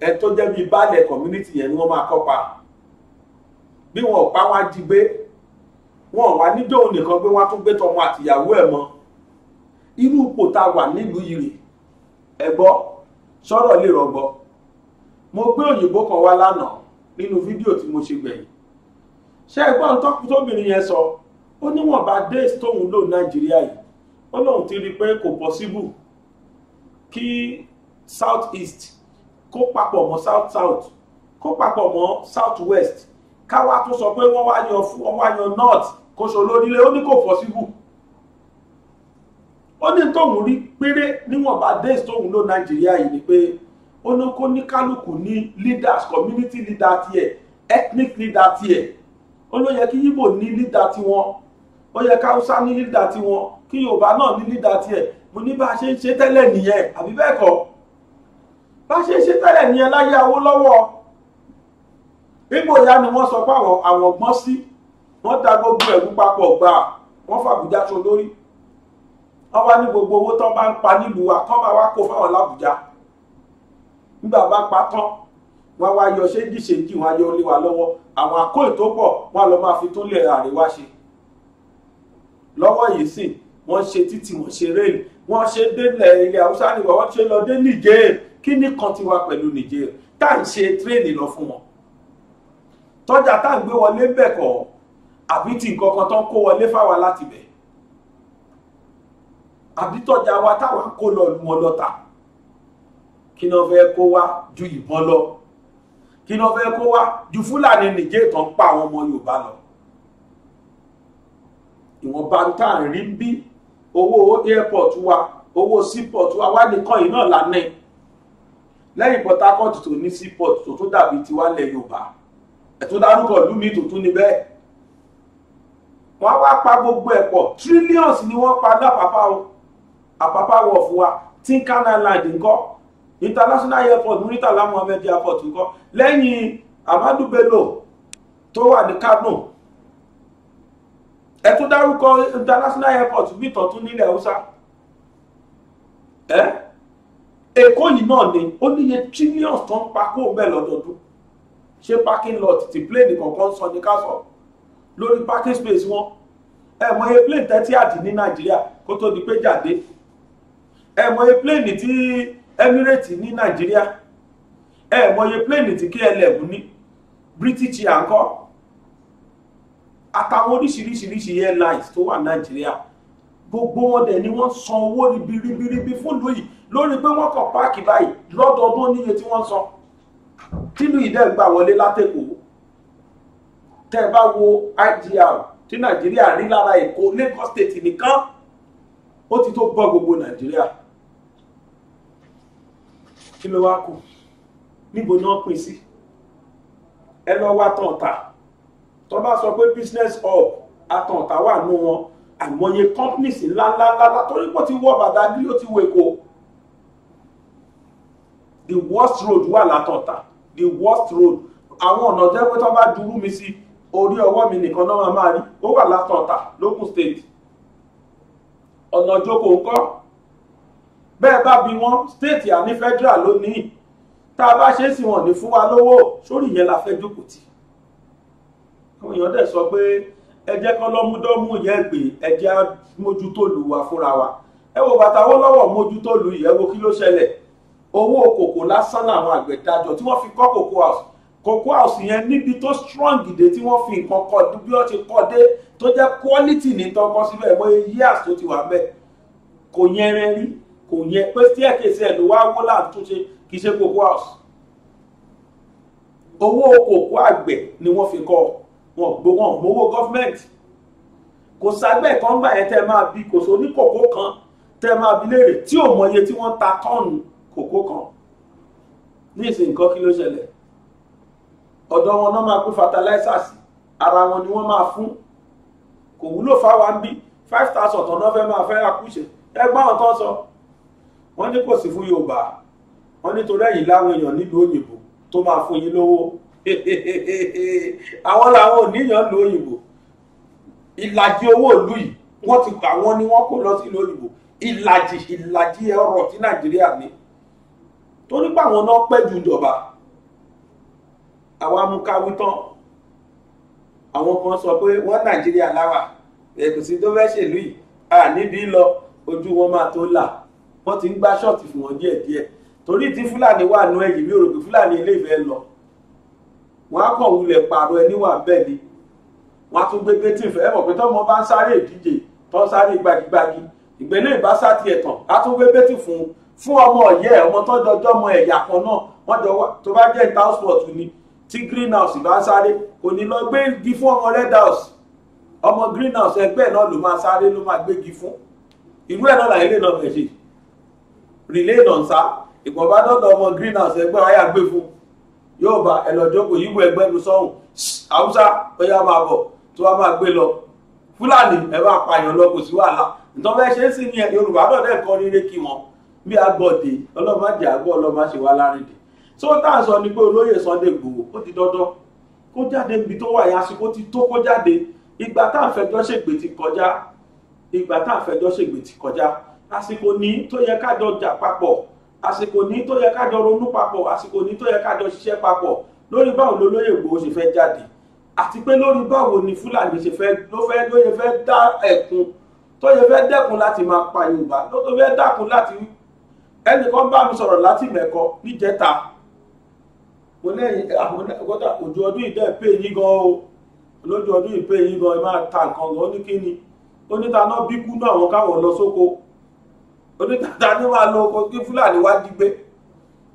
ẹ tó jẹ́ bíi baálẹ̀ community yẹn ni wọ́n máa kọ́ pa bí wọn ò pa wọn á jí gbé wọn ò wá níjọ́ òun nìkan pé wọ́n á tún gbé tọmọ àtìyàwó ẹ̀ mọ́ irú ipò tá a wà nílùú yìí rè ẹ gbọ́ sọ̀rọ̀ lè rọgbọ mo gbé òyìnbó kan wá lánàá nínú fídíò tí mo ṣe gbẹ̀yìn ṣé ẹgbọ́n tóbìnrin yẹn sọ ó níwọ̀nba days tóun lò nàìjíríà yìí ó lóun ti rí i pé kò possible kí south east kó papọ̀ mọ́ south south kó papọ̀ mọ́ south west káwa tó sọ pé wọ́n wá yan fún wọ́n wá yan north kó so lórílẹ̀ ó ní kò possible ó ní tóun rí péré níwọ̀nba days tóun ló nàìjíríà yìí ni pé ó ní kó ní kálukú ní leaders community leader tiẹ̀ ethnic leader tiẹ̀ ó ló yẹ kí yíbò ní leader tiwọn ó yẹ káwúsá ní leader tiwọn kí yorùbá náà ní leader tiẹ̀ mo ní bá a ṣe ń ṣe tẹ́lẹ̀ nìyẹn àbí bẹ́ẹ̀ kọ́ bá ṣe ṣe tẹ́lẹ̀ ní ẹ láyé Awólọ́wọ̀ bíbò ya ni wọ́n sọ pé àwọn gbọ́n sí wọ́n da gbogbo ẹ̀rú papọ̀ gbà wọ́n fàbújá so lórí wọ́n wá ní gbogbo owó tán bá ń pa nílùú wa kán bá wá kó fáwọn lábùjá nígbà bá pa tán wọ́n wá yọ ṣéǹdì ṣéǹdì wọ́n á yọ lé wa lọ́wọ́ àwọn àkó ètò pọ̀ wọ́n á lọ máa fi tó lè àríwá ṣe lọ́wọ́ yìí sìn wọ́n ṣe títì wọ́n ṣe réèlì wọ́n ṣe délẹ̀ ilẹ̀ haúsá nìwọ̀ wọ́n ṣe lọ dé nìjẹ́ẹ̀ kí ni kan ti wá pẹ̀lú Niger tá à ń ṣe tírèènì lọ fún wọn tọ́jà tá à ń gbé wọlé bẹ́ẹ̀ kọ́ àbí tí nǹkan kan tán kó wọlé fáwa láti bẹ̀ àbí tọ́jà wa táwa ń kó lọ lu wọn lọ́ta kí ni wọ́n fẹ́ kó wá ju ìbọn lọ kí ni wọ́n fẹ́ kó wá ju Fúlàní Niger tán pa àwọn ọmọ Yorùbá lọ ìwọ̀nba tá à ń rí bí owó airport wa owó seaport wa wá nìkan yìí náà la lẹ́yìn Port Harcourt tó ní seaport tó tún dàbí tiwa ńlẹ̀ Yorùbá ẹ̀tún dárúkọ ìlú mi tó tún ní bẹ́ẹ̀ wọ́n wá pa gbogbo ẹ̀ pọ̀ trillions ni wọ́n pa lápapá o àpapá wọ̀ fún wa tinker island ńkọ́ international airport Muritala Muhammed airport ńkọ́ lẹ́yìn Amadu Bello tó wà ní Kano ẹ̀tún dárúkọ international airport bí ìtọ̀tún nílẹ̀ Haúsá ẹ́. Eh? èkó yìí náà ni ó níye tírílíọ̀nù tó ń pa kó bẹ́ẹ̀ lọ́dọọdún ṣé parking lot ti plane kọ̀ọ̀kan sọ ní ká sọ lórí parking space wọn ẹ mọ iye plane tẹ́tí àdì ní nàìjíríà kó tó di pé jáde ẹ mọ iye plane tí Emirates ní nàìjíríà ẹ mọ iye plane tí KLM ní British Air ńkọ́ àtàwọn oríṣiríṣiríṣi airlines tó wà nàìjíríà gbogbo wọn dẹ̀ ni wọ́n san owó ribiribiribi fún lóyìí lórí pé wọ́n kàn páàkì báyìí lọ́dọọdún níye tí wọ́n ń san tínú ìdẹ́ gbà wọlé látẹ̀kọ́ tẹ́ ẹ bá wo IGR tí nàìjíríà rí lára èkó Lagos state nìkan ó ti tó gbọ́ gbogbo nàìjíríà kí ló wá kù níbo ni wọ́n pín sí ẹ lọ wá tàn ta tó bá sọ pé business hub àtàntà wà nù wọn àmọye companies ńláńláńlá torí ti wọ bàdá bí ó ti wọ èkó the worst road wà látọ̀tà the worst road àwọn ọ̀nà jẹ́ pé tó bá dúró mi sí orí ọwọ́ mi nìkan náà máa máa rí ó wà látọ̀tà lókun state ọ̀nà jókòó ńkọ́ bẹ́ẹ̀ bá bí wọ́n state àní federal ló ní tá a bá ṣe é sì wọ́n ní fún wa lówó sórí yẹn la fẹ́ jókòó tì àwọn èèyàn dẹ̀ sọ pé ẹ jẹ́ kán lọ́múdọ́mú yẹn gbé ẹ jẹ́ mójútó lu wa fúnra wa ẹ wo bàtà wọ́n lọ́wọ́ mójútó lu yìí ẹ wo kí ló ṣẹlẹ̀ owó kòkó lásán làwọn àgbẹ̀ dájọ́ tí wọ́n fi kọ́ cocoa house cocoa house yẹn níbi tó strong dé tí wọ́n fi nǹkan kọ́ bí wọ́n ti kọ́ dé tó jẹ́ quality ní tọkọ síbẹ̀ bóyá years tó ti wà bẹ́ẹ̀ kò yẹn rẹ rí kò yẹn pé staircase ẹ̀ ló wá wó láàtúnṣe kì í ṣe cocoa house owó cocoa àgbẹ̀ ni wọ́n fi kọ́ wọn gbó wọn mówó gọ́fíńmẹ̀ntì kò ságbẹ́ kan gbà yẹn tẹ́ máa bí kò sóní kòkó kan tẹ́ máa bí léèrè tí ò mọye tí wọ́n ta tọ́ọ̀nù kòkó kan ní ìsìn nǹkan kí ló ṣẹlẹ̀ ọ̀dọ̀ wọn náà máa kó fataláísà ara wọn ni wọ́n máa fún kò wúlò fáwa ń bí five thousand tó náà fẹ́ máa fẹ́ àkúṣe ẹgbẹ́ àwọn tó ń sọ wọ́n ní kò sí fún Yorùbá wọ́n nítorí ẹ̀yìn láwọn èèyàn nílùú òyìnbó tó máa fún yín lówó àwọn làwọn ò níyàn lu òyìnbó ìlàjì owó ìlú yìí wọ́n ti gbà wọ́n ni wọ́n kó lọ sí ìlú òyìnbó ìlàjì ìlàjì ọrọ̀ tí Nàìjíríà ní tó nípa àwọn náà pẹ́ ju ìjọba àwa mú káwí tán àwọn kan sọ pé wọ́n nàìjíríà láwà ẹ̀kùn sí tó fẹ́ ṣèlú yìí à níbi lọ ojú wọn máa tó là wọ́n ti ń gbá ṣọ́ọ̀tì fún wọn díẹ̀díẹ̀ torí tí fúlàní wà nú ẹ̀yìn mi ò rò pé fúlàní ilé ìfẹ́ lọ wọ́n á kàn wulẹ̀ pààrọ̀ ẹni wà bẹ́ẹ̀ ni wọ́n á tún gbé gbé tìfẹ́ ẹ̀ mọ̀ pé tọ́mọ bá ń sáré ìdíje tó sáré gbagigbagi ìgbélé ìbásá tiẹ̀ tàn á tún gbé gbé tì fún un fún ọmọ ọ̀yẹ́ ẹ̀ ọmọ tọ́jọ́ jọmọ ẹ̀yà kan náà wọ́n jọ wá tó bá jẹ́ ìta sport ni tí greenhouse bá sáré kò ní lọ gbé igi fún ọmọ red house ọmọ greenhouse ẹgbẹ́ náà ló máa sáré ló máa gbégi fún irú ẹ̀ náà làyè lè náà fẹ̀ ṣe relay náà ń sá ìpọ̀nbá dọ́dọ̀ ọmọ greenhouse ẹgbẹ́ ayé àgbé fún yóò bá ẹlọ́jọ́kọ̀ yíbo ẹgbẹ́ nu sọ́hùn haúsá ó yá máa bọ̀ tó wá máa gbé lọ fúlàní ẹ bá pààyàn lọ kò sí wàhálà ìtọ́fẹ́ ṣe é sì ní yorùbá náà dẹ̀ kọ́ rere kí wọn bí agbọ̀dé ọlọ́mọ àjẹ́ àgọ́ ọlọ́mọ àṣewá lárìndì tó tá à ń sọ ni pé olóyè Sunday Igboho ó ti dandan kó jáde níbi tó wà yá sí kó ti tó kó jáde ìgbà tá à ń fẹjọ́ ṣègbè ti kọjá ìgbà tá à ń fẹjọ́ ṣègbè ti kọjá àsìkò ní tó yẹ kájọ jà papọ̀ àsìkò ní tó yẹ kájọ ronú papọ̀ àsìkò ní tó yẹ kájọ ṣiṣẹ́ papọ̀ lórí báwo lolóyè Igboho ṣe fẹ́ jáde àti pé lórí báwo ni Fúlàní ṣe fẹ́ ló fẹ́ ló yẹ fẹ́ dá ẹ̀kun tó yẹ fẹ́ dẹ́kun láti máa pa Yorùbá ló tó fẹ́ dẹ́kun láti ẹnìkan bá mi sọ̀rọ̀ láti mẹ́kọ níjẹta mo lẹ́yìn àkọ́tà òjò ọdún yìí dẹ́ pé yín gan o lójú ọdún yìí pé yín gan ẹ máa ta nǹkan gan ó ní kíni ó ní ta náà bíkú náà àwọn káwọn lọ sóko ó ní tata ní máa lọ oko kí fúlàní wá dígbé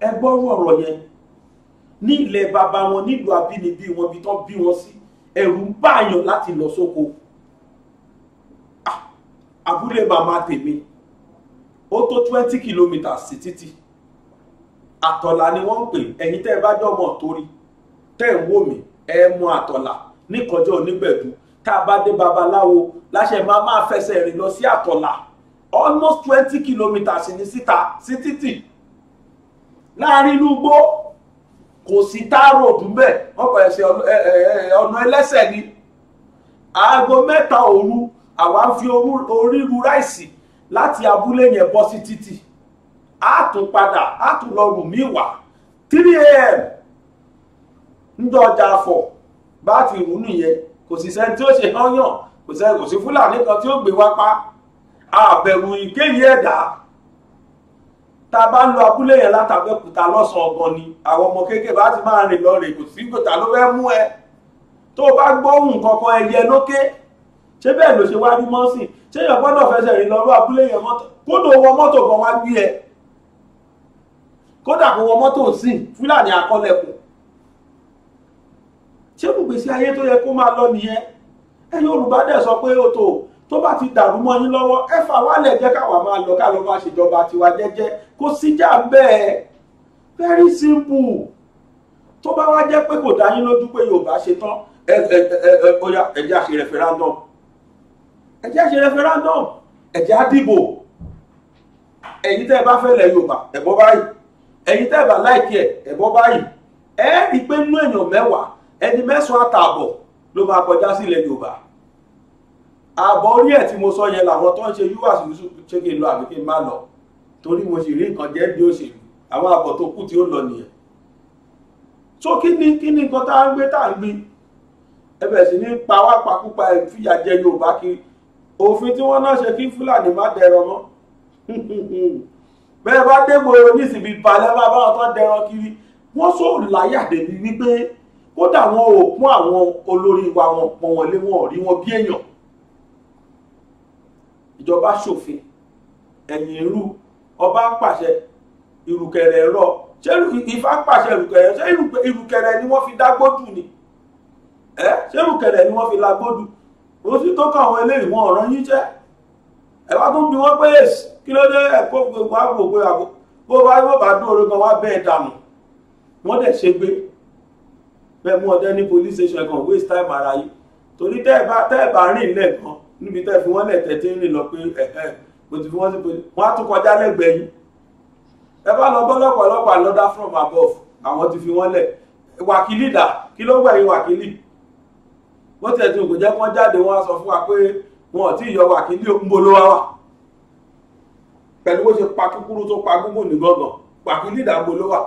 ẹ gbọ́rú ọ̀rọ̀ yẹn ní ilẹ̀ bàbá wọn nílùú abínibí wọn bí tán bí wọn sí ẹ̀rù ń báyàn láti lọ sóko àbúlé ah, màmá tèmi ó tó twenty kilometres sí títì àtọ̀là ni wọ́n ń pè ẹ̀yin tẹ́ ẹ bá jọ ọmọ torí tẹ́ ẹ ń wò mí ẹ mọ àtọ̀là níkọjọ́ onígbẹ̀dú tá a bá dé babaláwo láṣẹ máa máa fẹsẹ̀ rìn lọ sí àtọ̀là almost twenty kilometres ní síta sí títì láàrin inú igbó kò sí táàrò òdúnbẹ̀ wọ́n kọ̀ ẹ̀sẹ̀ ọ̀nà ẹlẹ́sẹ̀ ni aago mẹ́ta òru àwa fi orí ru ráìsì láti abúlé yẹn bọ́ sí títì a tún padà a tún lọ rùn mí wá three a.m. ńjọ́ ọjà fọ̀ bá ti rùn nìyẹn kò sì sẹ́ni tí ó ṣe hán yàn kò sẹ́ni kò sí fúlàní kan tí ó gbé wá pa àbẹ̀rù ìkéyìí ẹ̀dá tá a bá ń lọ abúlé yẹn látàbẹ́kúta lọ́sàn-án ọgbọ̀n ni àwọn ọmọ kéékèèké bá ti máa rìn lọ rè kò sí gbòtà ló fẹ́ mú ẹ tó o bá gbóhùn kankan ẹyẹ lókè ṣé bẹ́ẹ̀ ló ṣe wá mọ́sìn ṣé èèyàn gbọ́dọ̀ fẹsẹ̀ rìn lọ́rọ́ abúlé èèyàn mọ́tò kódò wọ mọ́tò kan wá gbé ẹ kódà kó wọ mọ́tò sí fúlàní àkọlẹ̀kùn ṣé kò gbèsè ayé tó yẹ kó máa lọ nìyẹn ẹ Yorùbá dẹ̀ sọ pé o tó tó bá ti dàrú mọ́ yín lọ́wọ́ ẹ fà wálẹ̀ jẹ́ káwa máa lọ ká lọ máa ṣèjọba tiwa jẹ́jẹ́ kó síjà bẹ́ẹ̀ very simple tó bá wá jẹ́ pé kò dá yín lójú pé Yorùbá ṣe tán ẹ ẹ ẹ ẹ bóyá ẹ jẹ́ àṣẹ referendum ẹ ṣe referendum ẹ jẹ́ á dìbò ẹ̀yin tẹ́ ẹ bá fẹ́ lẹ̀ Yorùbá ẹ bọ́ báyìí ẹ̀yin tẹ́ ẹ bá láìkí ẹ ẹ bọ́ báyìí ẹ rí i pé nínú èèyàn mẹ́wàá ẹni mẹ́sàn-án àtààbọ̀ ló máa kọjá sí ilẹ̀ Yorùbá ààbọ̀ orí ẹ̀ tí mo sọ yẹn làwọn tó ń ṣe yúwà sí yusuf ṣé kí n lọ àbí kí n má lọ torí mo sì rí nǹkan jẹ́ bí òṣèlú àwọn àbọ̀ tó kù tí ó lọ nìyẹn so kí ni kí ni nǹkan tá à ń gbé tá à ń gbé ẹ bẹ̀rẹ̀ sí ní pa wá pakúpa ẹ fìyà jẹ Yorùbá kiri òfin tí wọ́n náà ṣe kí fúlàní má dẹrọ mọ́ bẹ́ẹ̀ bá dégbòrò nísìbí balẹ̀ bá báwọn tán dẹrọ kiri wọ́n sọ láyà débi wípé kódà wọn ò pọ́n àwọn olórí wa wọn pọ́n wọn lé wọn ò rí wọn bí èèyàn ìjọba ṣòfin ẹ̀yìn irú ọba pàṣẹ ìrùkẹ̀rẹ̀ rọ ṣé Ifá pàṣẹ ìrùkẹ̀rẹ̀ ṣé ìrùkẹ̀rẹ̀ ni wọ́n fi dágbódù ni ẹ ṣé ìrùkẹ̀rẹ̀ ni wọ́n fi lágbódù bó sì tó kàwọn eléyìí wọn ọ̀ràn yín jẹ́ ẹ wá tún bí wọ́n pé èsì kí ló dé ẹ̀kọ́ gbogbo àgbò pé àgbò bó bá yóò bá dún orí kan wá bẹ́ẹ̀ dànù wọ́n dẹ̀ ṣe gbé bẹ́ẹ̀ mú ọdẹ ní police station kan waste time ara yìí torí tẹ́ ẹ bá tẹ́ ẹ bá rìn lẹ́ẹ̀kan níbi tẹ́ ẹ fi wọ́n lẹ̀ tẹ́tí ń rìn lọ pé ẹ̀ẹ́ kò ti fi wọ́n sí pé wọ́n á tún kọjá lẹ́gbẹ̀ẹ́ yìí ẹ bá lọ bọ́lọ́pàá lọ́pàá lọ́dá from above àwọn ti fi wọ́n lẹ̀ wákìlì dà kí ló wẹ̀ yín wákìlì wọ́n tẹ̀ tí ògùn jẹ́ wọ́n jáde wọ́n á sọ fún wa pé wọn ò tí ì yọ wa kí ní òǹbo ló wà pẹ̀lú bó ṣe pa kúkúrú tó pa gúngùn ní gángan pàkí ní ìdàgbò ló wà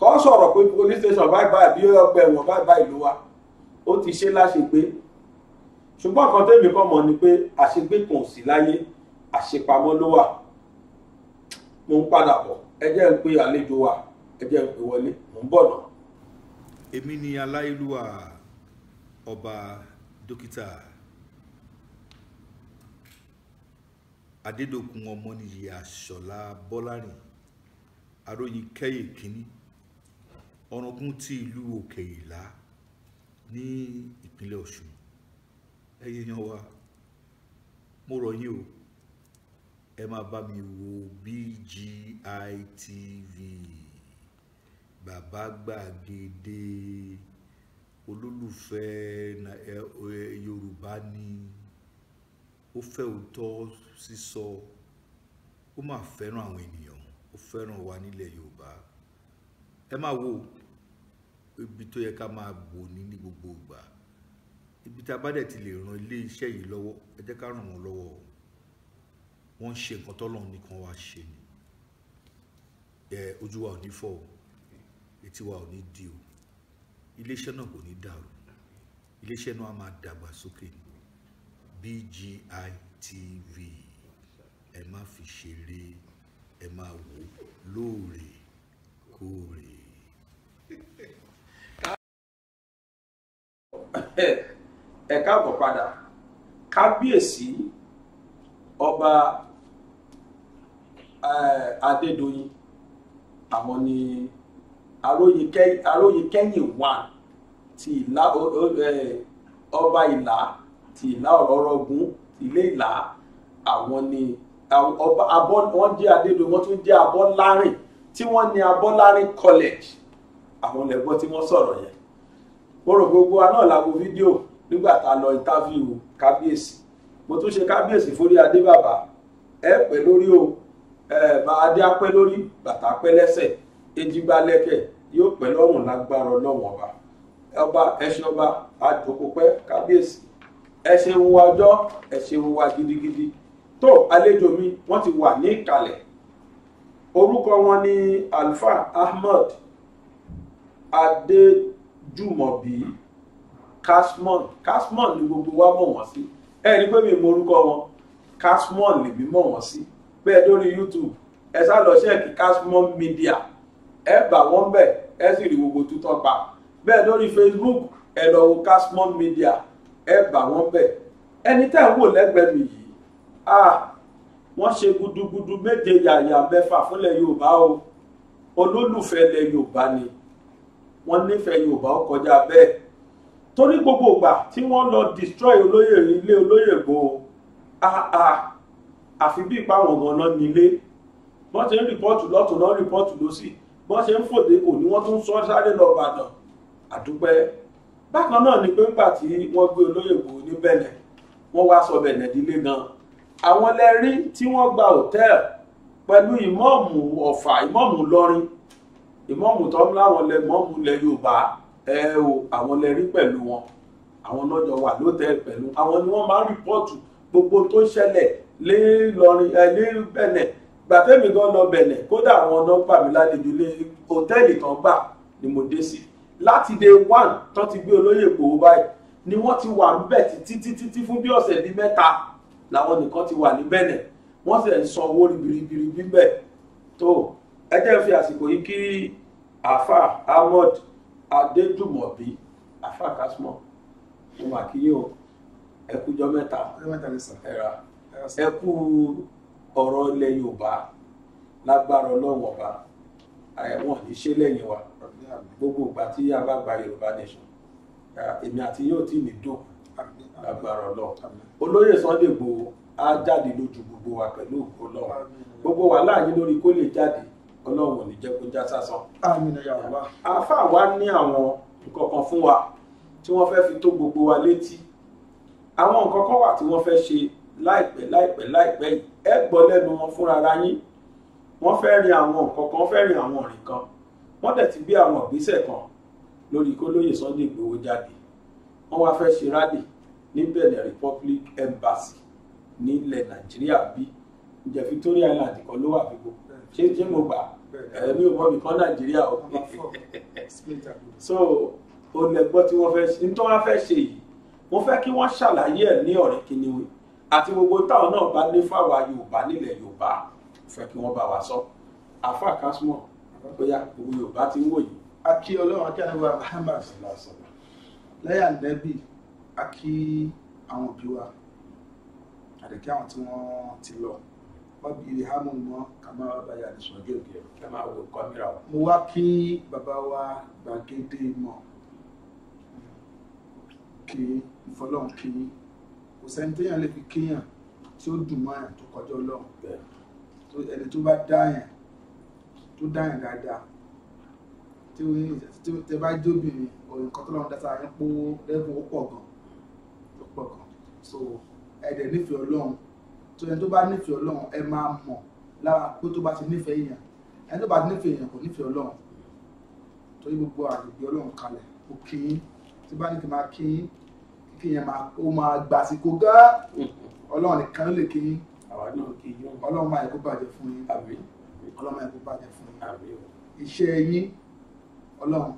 kọ́ sọ̀rọ̀ pé police station báyìí báyìí bí ọgbẹ́ ẹ̀wọ̀n báyìí báyìí ló wà ó ti ṣe láṣepé ṣùgbọ́n kan tẹ́mi kọ́ mọ̀ ni pé àṣegbé kan ò sí láyé àṣepamọ́ ló wà mo ń padà bọ̀ ẹ jẹ́ ń pe àlejò wa ẹ jẹ́ ń pe wọlé mo ń bọ̀ náà. èmi ni aláìlúwà ọba dókítà adédọ̀kun ọmọnìyí àṣọlá bọ́lárìn aróyin kẹ́yè kínní ọ̀ràngún ti ìlú òkè ìlá ní ìpínlẹ̀ ọ̀ṣun ẹ̀yin èèyàn wa mo rọ̀ yín o ẹ máa bá mi wo BGI TV bàbá gbàgede olólùfẹ́ yorùbá ni ó fẹ́ òótọ́ sísọ ó máa fẹ́ràn àwọn ènìyàn ó fẹ́ràn wa nílẹ̀ yorùbá ẹ máa wo ibi tó yẹ ká máa wò ní ní gbogbo ìgbà ibi tá a bá dẹ̀ ti lè ran ilé iṣẹ́ yìí lọ́wọ́ ẹ jẹ́ ká ràn wọ́n lọ́wọ́ wọ́n ń ṣe nǹkan tọ́lọ́run nìkan wá ṣe ni ojú wa ò ní fọ́ o etí wa ò ní di o iléeṣẹ́ náà kò ní dàrú iléeṣẹ́ náà á máa dàgbà sókè BGI TV ẹ má fi ṣeré ẹ máa wò lóòrèkóòrè. ẹ káàbọ̀ padà kábíyèsí ọba adédoyin àwọn ni aróyekẹ́yìn one ti ìlà ọba ìlà ti ìlà ọ̀rọ̀rọ̀gún ilé ìlà àwọn ni ọba abọ́ wọ́n jẹ́ adédo wọ́n tún jẹ́ abọ́lárìn tí wọ́n ní abọ́lárìn college àwọn lẹ́gbọ́n tí wọ́n sọ̀rọ̀ yẹn mo rò gbogbo wa náà la wo fídíò nígbà tá a lọ interview kábíyèsí mo tún ṣe kábíyèsí fórí adébàbà ẹ pẹ́ lórí o ẹ bá adé apẹ́ lórí bàtà apẹ́ lẹ́sẹ̀ Ejigbálẹ́kẹ̀ yóò pẹ́ lọ́rùn lágbára ọlọ́run ọba ọba ẹṣin ọba àjòkópẹ́ kábíyèsí ẹṣin wa ọjọ́ ẹṣin wa gidigidi tó àlejò mi wọ́n ti wà ní ìkàlẹ̀ orúkọ wọn ni alfa ahmed adéjùmọ̀bí casmon casmon ni gbogbo wa mọ̀ wọ́n sí ẹ rí pé mi mọ orúkọ wọn casmon lèmi mọ̀ wọ́n sí bẹ́ẹ̀ lórí youtube ẹ sá lọ ṣẹ́ẹ̀kì casmon media ẹ bá wọn bẹ̀ ẹ sì rí gbogbo tuntun pa bẹ́ẹ̀ lórí Facebook ẹ lọ wo Kashmon Media ẹ bá wọn bẹ̀ ẹni tẹ́ ń wò lẹ́gbẹ̀ẹ́ mi yìí ah wọ́n ṣe gudugudu méje yàyà mẹ́fà fúnlẹ̀ Yorùbá o olólùfẹ́ ilẹ̀ Yorùbá ni wọ́n nífẹ̀ẹ́ Yorùbá ó kọjá bẹ́ẹ̀ torí gbogbo ìgbà tí wọ́n lọ destroy olóyè ilé olóyè gbò áá àfi bí ipa wọn gan-an nílé wọ́n ti ń rìpọ́ọ̀tù lọ́tún lọ́n rìpọ́ọ̀tù lọ́sì bọ́n ṣe ń fòdé kò ní wọ́n tún sọ sáré lọ Ìbàdàn àdúpẹ́ bákan náà ni pé ńgbà tí wọ́n gbé olóyè Ìgbòho ní bẹ̀lẹ̀ wọ́n wá sọ bẹ̀lẹ̀ dílé gan àwọn lẹ́rí tí wọ́n gba hòtẹ́ẹ̀lì pẹ̀lú ìmọ̀ọ̀mù Ọ̀fà ìmọ̀ọ̀mù Ìlọrin ìmọ̀ọ̀mù tó ń láwọn lẹ mọ̀ọ̀mù lẹ Yorùbá ẹ o àwọn lẹ́rí pẹ̀lú wọn àwọn lọ́jọ́ wà lóòtẹ́ẹ̀lì pẹ̀lú àwọn ni wọ́n máa ń rìpọ́ọ̀tù gbogbo tó ṣẹlẹ̀ lé Ìlọrin ẹ lé bẹ̀lẹ̀ gbàtẹ́mi gan lọ bẹ̀lẹ̀ kódà àwọn nọ́mbà mi lálejò lé hòtẹ́ẹ̀lì kan gbà ni mo dé sí láti day one tán ti gbé olóyè Ìgbòho báyìí ni wọ́n ti wà níbẹ̀ títí títí fún bí ọ̀sẹ̀ bíi mẹ́ta làwọn nìkan ti wà ní bẹ̀lẹ̀ wọ́n sì ń san owó ribiribiri bíbẹ̀ tó ẹ jẹ́ fi àsìkò yìí kí afa Ahmad Adédùmọ̀bí afa Kasmo mo mà kí yín o ẹ kújọ́ mẹ́ta ẹ ra ẹ kú ọ̀rọ̀ ilẹ̀ yorùbá lágbára ọlọ́run ọba wọn ní ṣe lẹ́yìn wa gbogbo ìgbà tí a bá gba yorùbá nation èmi àti yóò tí ní dùn lágbára ọlọ́run olóyè Sunday Igboho á jáde lójú gbogbo wa pẹ̀lú ògbó lọ́wọ́ gbogbo wa láàyè lórí kó lè jáde ọlọ́run ò ní jẹ́ kó já sásán. àáfà wa ní àwọn nǹkan kan fún wa tí wọ́n fẹ́ fi tó gbogbo wa létí àwọn nǹkan kan wà tí wọ́n fẹ́ ṣe láìpẹ́ láìpẹ́ láìpẹ́ yìí ẹ gbọ́ lẹ́nu wọn fúnra ara yín wọ́n fẹ́ rin àwọn nǹkan kan fẹ́ rin àwọn ọ̀rìn kan wọ́n dẹ̀ ti gbé àwọn ìgbésẹ̀ kan lórí kólóyè Sunday Igboho jáde wọ́n wá fẹ́ ṣe rádì ní Benin Republic Embassy nílẹ̀ Nàìjíríà bí ǹjẹ́ Victoria Island kan ló wà fipò ṣé ṣé mo gbà ẹ̀mí ò mọ̀bì kan Nàìjíríà o so olùlẹ̀gbọ́n tí wọ́n fẹ́ ṣe ní tí wọ́n fẹ́ ṣe yìí wọ́n fẹ́ kí wọ́n ṣàlàyé ẹ̀ ní ọ̀rẹ́ kìnìún àti gbogbo táwọn náà bá ní fáwa Yorùbá nílẹ̀ Yorùbá fẹ́ kí wọ́n bá wa sọ àfa kásmọ̀ bóyá gbogbo Yorùbá ti ń wò yìí. a kí ọlọ́run akí àdúgbò Muhammad lásán lẹ́yà nẹ́bì a kí àwọn òbí wa àdèkí àwọn tí wọ́n ti lọ wọ́n bí hamu mọ́ kàmá bàyà ní sọ̀dọ̀ òkè kí a máa wò kọ́míra wa. mo wá kí bàbá wa gbàgede mọ̀ kí ìfọlọ́run kí yín kò sẹ́ni téèyàn lè fi kéèyàn tí ó dùn mọ́ àyàn tó kọjá ọlọ́run ẹni tó bá dá àyàn tó dá àyàn dáadáa tí ó yín tẹ bá jóbìnrin òyìn kan tó lọ́run dáta àyàn pówó lẹ́bùn ó pọ̀ gan ó pọ̀ gan so ẹ̀dẹ̀ nífẹ̀ẹ́ ọlọ́run tó ẹni tó bá nífẹ̀ẹ́ ọlọ́run ẹ máa mọ̀ lára pé tó bá ti nífẹ̀ẹ́ èèyàn ẹni tó bá ti nífẹ̀ẹ́ èèyàn kò nífẹ̀ẹ́ ọlọ́run torí gbogbo àgbègbè ọlọ́run kalẹ̀ ó kí tí bá ní kí máa kí kí yẹn máa ó máa gbà àsìkò gán ọlọ́run nìkan ló lè kí yín ọlọ́run máa yẹ kó bàjẹ́ fún yín ọlọ́run máa yẹ kó bàjẹ́ fún yín iṣẹ́ yín ọlọ́run